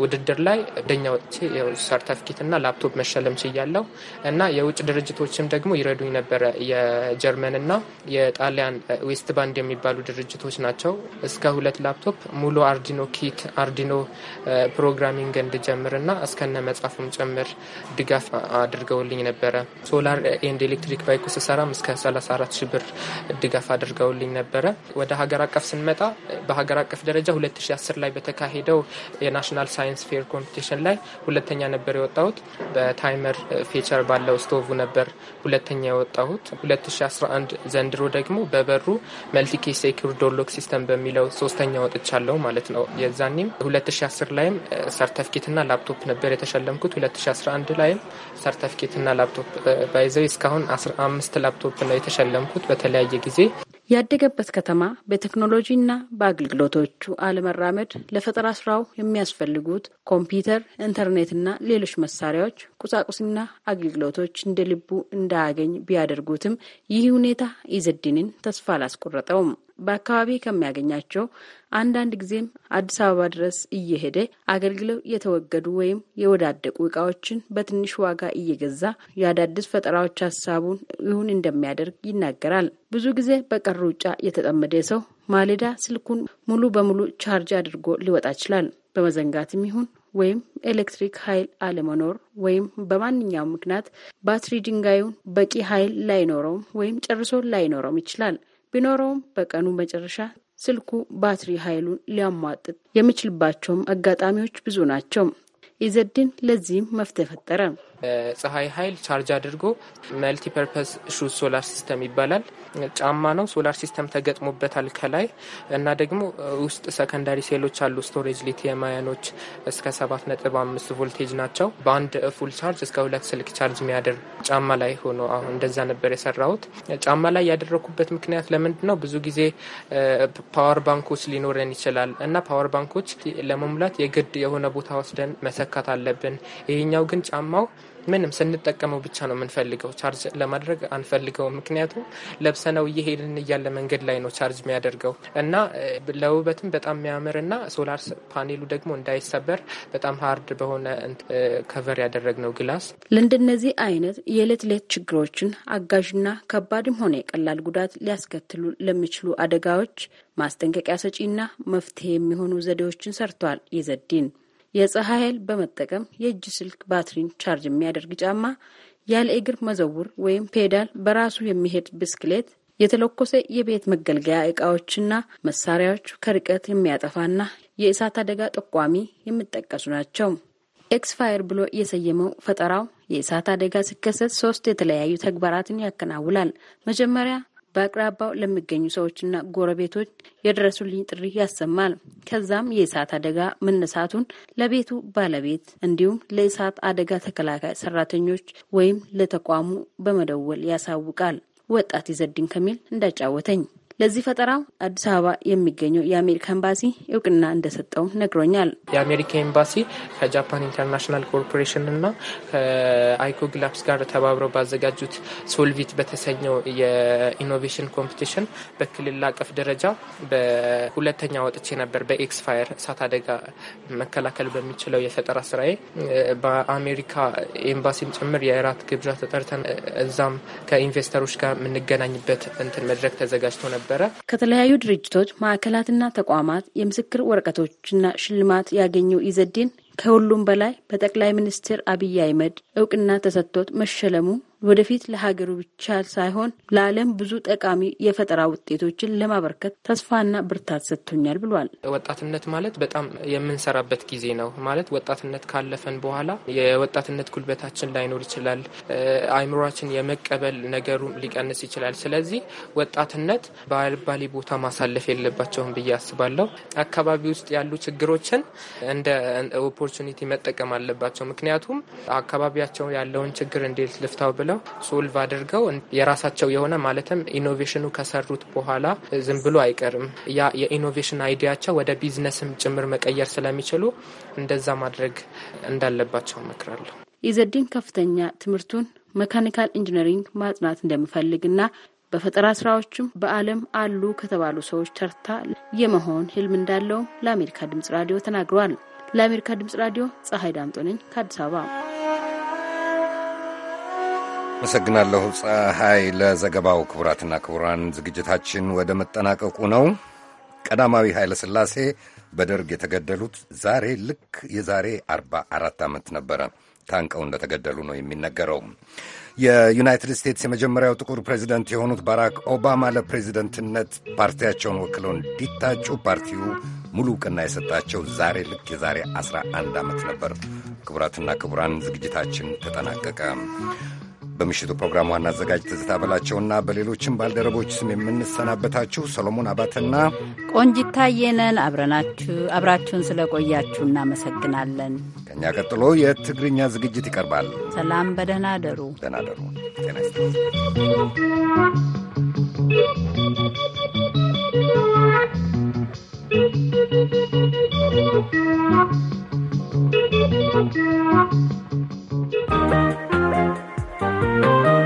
ውድድር ላይ ደኛ ወጥቼ ሰርተፍኬት ላፕቶፕ መሸለም ችያለው እና የውጭ ድርጅቶችም ደግሞ ይረዱኝ ነበረ። የጀርመንና የጣሊያን ዌስት ባንድ የሚባሉ ድርጅቶች ናቸው። እስከ ሁለት ላፕቶፕ ሙሉ አርዲኖ ኪት አርዲኖ ፕሮግራሚንግ እንድጀምርና እስከነ መጻፉም ጭምር ድጋፍ አድርገውልኝ ነበረ። ሶላር ኤንድ ኤሌክትሪክ ባይኩ ስሰራም እስከ 34 ሺ ብር ድጋፍ አድርገውልኝ ነበረ። ወደ ሀገር አቀፍ ስንመጣ በሀገር አቀፍ ደረጃ 2010 ላይ በተካሄደው የናሽናል ሳይንስ ፌር ኮምፒቲሽን ላይ ሁለተኛ ነበር የወጣሁት። በታይመር ፌቸር ባለው ስቶቭ ነበር ሁለተኛ የወጣሁት። 2011 ዘንድሮ ደግሞ በበሩ መልቲኬ ሴኩር ዶርሎክ ሲስተም በሚለው ሶስተኛ ወጥቻለሁ ማለት ነው። የዛኔም 2010 ላይም ሰርተፍኬትና ላፕቶፕ ነበር የተሸለምኩት። 2011 ላይም ሰርተፍኬትና ላፕቶፕ ባይዘው እስካሁን 15 ላፕቶፕ ነው የተሸለምኩት በተለያየ ጊዜ ያደገበት ከተማ በቴክኖሎጂና በአገልግሎቶቹ አለመራመድ ለፈጠራ ስራው የሚያስፈልጉት ኮምፒውተር፣ ኢንተርኔትና ሌሎች መሳሪያዎች፣ ቁሳቁስና አገልግሎቶች እንደ ልቡ እንዳያገኝ ቢያደርጉትም ይህ ሁኔታ ኢዘዲንን ተስፋ አላስቆረጠውም። በአካባቢ ከሚያገኛቸው አንዳንድ ጊዜም አዲስ አበባ ድረስ እየሄደ አገልግለው የተወገዱ ወይም የወዳደቁ እቃዎችን በትንሽ ዋጋ እየገዛ የአዳዲስ ፈጠራዎች ሀሳቡን ይሁን እንደሚያደርግ ይናገራል። ብዙ ጊዜ በቀር ውጫ የተጠመደ ሰው ማሌዳ ስልኩን ሙሉ በሙሉ ቻርጅ አድርጎ ሊወጣ ይችላል። በመዘንጋትም ይሁን ወይም ኤሌክትሪክ ኃይል አለመኖር ወይም በማንኛውም ምክንያት ባትሪ ድንጋዩን በቂ ኃይል ላይኖረውም ወይም ጨርሶ ላይኖረውም ይችላል። ቢኖረውም በቀኑ መጨረሻ ስልኩ ባትሪ ኃይሉን ሊያሟጥጥ የሚችልባቸውም አጋጣሚዎች ብዙ ናቸው። ኢዘዲን ለዚህም መፍትሄ ፈጠረ። ፀሐይ ኃይል ቻርጅ አድርጎ መልቲፐርፐስ ሹ ሶላር ሲስተም ይባላል። ጫማ ነው። ሶላር ሲስተም ተገጥሞበታል ከላይ እና ደግሞ ውስጥ ሰከንዳሪ ሴሎች አሉ። ስቶሬጅ ሊቲየም አያኖች እስከ አምስት ቮልቴጅ ናቸው። በአንድ ፉል ቻርጅ እስከ ሁለት ስልክ ቻርጅ የሚያደር ጫማ ላይ ሆኖ አሁን እንደዛ ነበር የሰራሁት። ጫማ ላይ ያደረኩበት ምክንያት ለምንድን ነው? ብዙ ጊዜ ፓወር ባንኮች ሊኖረን ይችላል እና ፓወር ባንኮች ለመሙላት የግድ የሆነ ቦታ ወስደን መሰካት አለብን። ይሄኛው ግን ጫማው ምንም ስንጠቀመው ብቻ ነው የምንፈልገው። ቻርጅ ለማድረግ አንፈልገውም። ምክንያቱም ለብሰነው እየሄድን እያለ መንገድ ላይ ነው ቻርጅ የሚያደርገው እና ለውበትም በጣም የሚያምር እና ሶላር ፓኔሉ ደግሞ እንዳይሰበር በጣም ሀርድ በሆነ ከቨር ያደረግነው ግላስ ለእንደነዚህ አይነት የዕለት ዕለት ችግሮችን አጋዥና ከባድም ሆነ የቀላል ጉዳት ሊያስከትሉ ለሚችሉ አደጋዎች ማስጠንቀቂያ ሰጪና መፍትሄ የሚሆኑ ዘዴዎችን ሰርቷል ይዘዲን የፀሐይ ኃይል በመጠቀም የእጅ ስልክ ባትሪን ቻርጅ የሚያደርግ ጫማ፣ ያለ እግር መዘውር ወይም ፔዳል በራሱ የሚሄድ ብስክሌት፣ የተለኮሰ የቤት መገልገያ እቃዎችና መሳሪያዎች ከርቀት የሚያጠፋና የእሳት አደጋ ጠቋሚ የሚጠቀሱ ናቸው። ኤክስፋየር ብሎ የሰየመው ፈጠራው የእሳት አደጋ ሲከሰት ሶስት የተለያዩ ተግባራትን ያከናውናል። መጀመሪያ በአቅራቢያው ለሚገኙ ሰዎችና ጎረቤቶች የደረሱልኝ ጥሪ ያሰማል። ከዛም የእሳት አደጋ መነሳቱን ለቤቱ ባለቤት እንዲሁም ለእሳት አደጋ ተከላካይ ሰራተኞች ወይም ለተቋሙ በመደወል ያሳውቃል። ወጣት ይዘድኝ ከሚል እንዳጫወተኝ ለዚህ ፈጠራው አዲስ አበባ የሚገኘው የአሜሪካ ኤምባሲ እውቅና እንደሰጠው ነግሮኛል። የአሜሪካ ኤምባሲ ከጃፓን ኢንተርናሽናል ኮርፖሬሽን እና ከአይኮ ግላፕስ ጋር ተባብረው ባዘጋጁት ሶልቪት በተሰኘው የኢኖቬሽን ኮምፒቲሽን በክልል አቀፍ ደረጃ በሁለተኛ ወጥቼ ነበር። በኤክስ ፋየር እሳት አደጋ መከላከል በሚችለው የፈጠራ ስራዬ በአሜሪካ ኤምባሲም ጭምር የራት ግብዣ ተጠርተን እዛም ከኢንቨስተሮች ጋር የምንገናኝበት እንትን መድረክ ተዘጋጅቶ ነበር። ነበረ። ከተለያዩ ድርጅቶች ማዕከላትና ተቋማት የምስክር ወረቀቶችና ሽልማት ያገኘው ኢዘዲን ከሁሉም በላይ በጠቅላይ ሚኒስትር አብይ አህመድ እውቅና ተሰጥቶት መሸለሙ ወደፊት ለሀገሩ ብቻ ሳይሆን ለዓለም ብዙ ጠቃሚ የፈጠራ ውጤቶችን ለማበርከት ተስፋና ብርታት ሰጥቶኛል ብሏል። ወጣትነት ማለት በጣም የምንሰራበት ጊዜ ነው ማለት ወጣትነት ካለፈን በኋላ የወጣትነት ጉልበታችን ላይኖር ይችላል። አይምሯችን የመቀበል ነገሩ ሊቀንስ ይችላል። ስለዚህ ወጣትነት በአልባሌ ቦታ ማሳለፍ የለባቸውም ብዬ አስባለሁ። አካባቢ ውስጥ ያሉ ችግሮችን እንደ ኦፖርቹኒቲ መጠቀም አለባቸው። ምክንያቱም አካባቢያቸው ያለውን ችግር እንዴት ልፍታው ብለው ብለው ሶልቭ አድርገው የራሳቸው የሆነ ማለትም ኢኖቬሽኑ ከሰሩት በኋላ ዝም ብሎ አይቀርም። ያ የኢኖቬሽን አይዲያቸው ወደ ቢዝነስም ጭምር መቀየር ስለሚችሉ እንደዛ ማድረግ እንዳለባቸው መክራለሁ። ኢዘዲን ከፍተኛ ትምህርቱን መካኒካል ኢንጂነሪንግ ማጽናት እንደሚፈልግና በፈጠራ ስራዎችም በዓለም አሉ ከተባሉ ሰዎች ተርታ የመሆን ህልም እንዳለውም ለአሜሪካ ድምጽ ራዲዮ ተናግረዋል። ለአሜሪካ ድምጽ ራዲዮ ፀሐይ ዳምጦ ነኝ ከአዲስ አበባ። አመሰግናለሁ ፀሐይ ለዘገባው። ክቡራትና ክቡራን ዝግጅታችን ወደ መጠናቀቁ ነው። ቀዳማዊ ኃይለ ሥላሴ በደርግ የተገደሉት ዛሬ ልክ የዛሬ 44 ዓመት ነበረ ታንቀው እንደተገደሉ ነው የሚነገረው። የዩናይትድ ስቴትስ የመጀመሪያው ጥቁር ፕሬዚደንት የሆኑት ባራክ ኦባማ ለፕሬዚደንትነት ፓርቲያቸውን ወክለው እንዲታጩ ፓርቲው ሙሉ እውቅና የሰጣቸው ዛሬ ልክ የዛሬ 11 ዓመት ነበር። ክቡራትና ክቡራን ዝግጅታችን ተጠናቀቀ። በምሽቱ ፕሮግራም ዋና አዘጋጅ ትዝታ በላቸውና በሌሎችም ባልደረቦች ስም የምንሰናበታችሁ ሰሎሞን አባተና ቆንጂት ታየ አብረናችሁ አብራችሁን ስለቆያችሁ እናመሰግናለን። ከእኛ ቀጥሎ የትግርኛ ዝግጅት ይቀርባል። ሰላም፣ በደህና ደሩ። ደህና ደሩ። ጤና Thank you. you.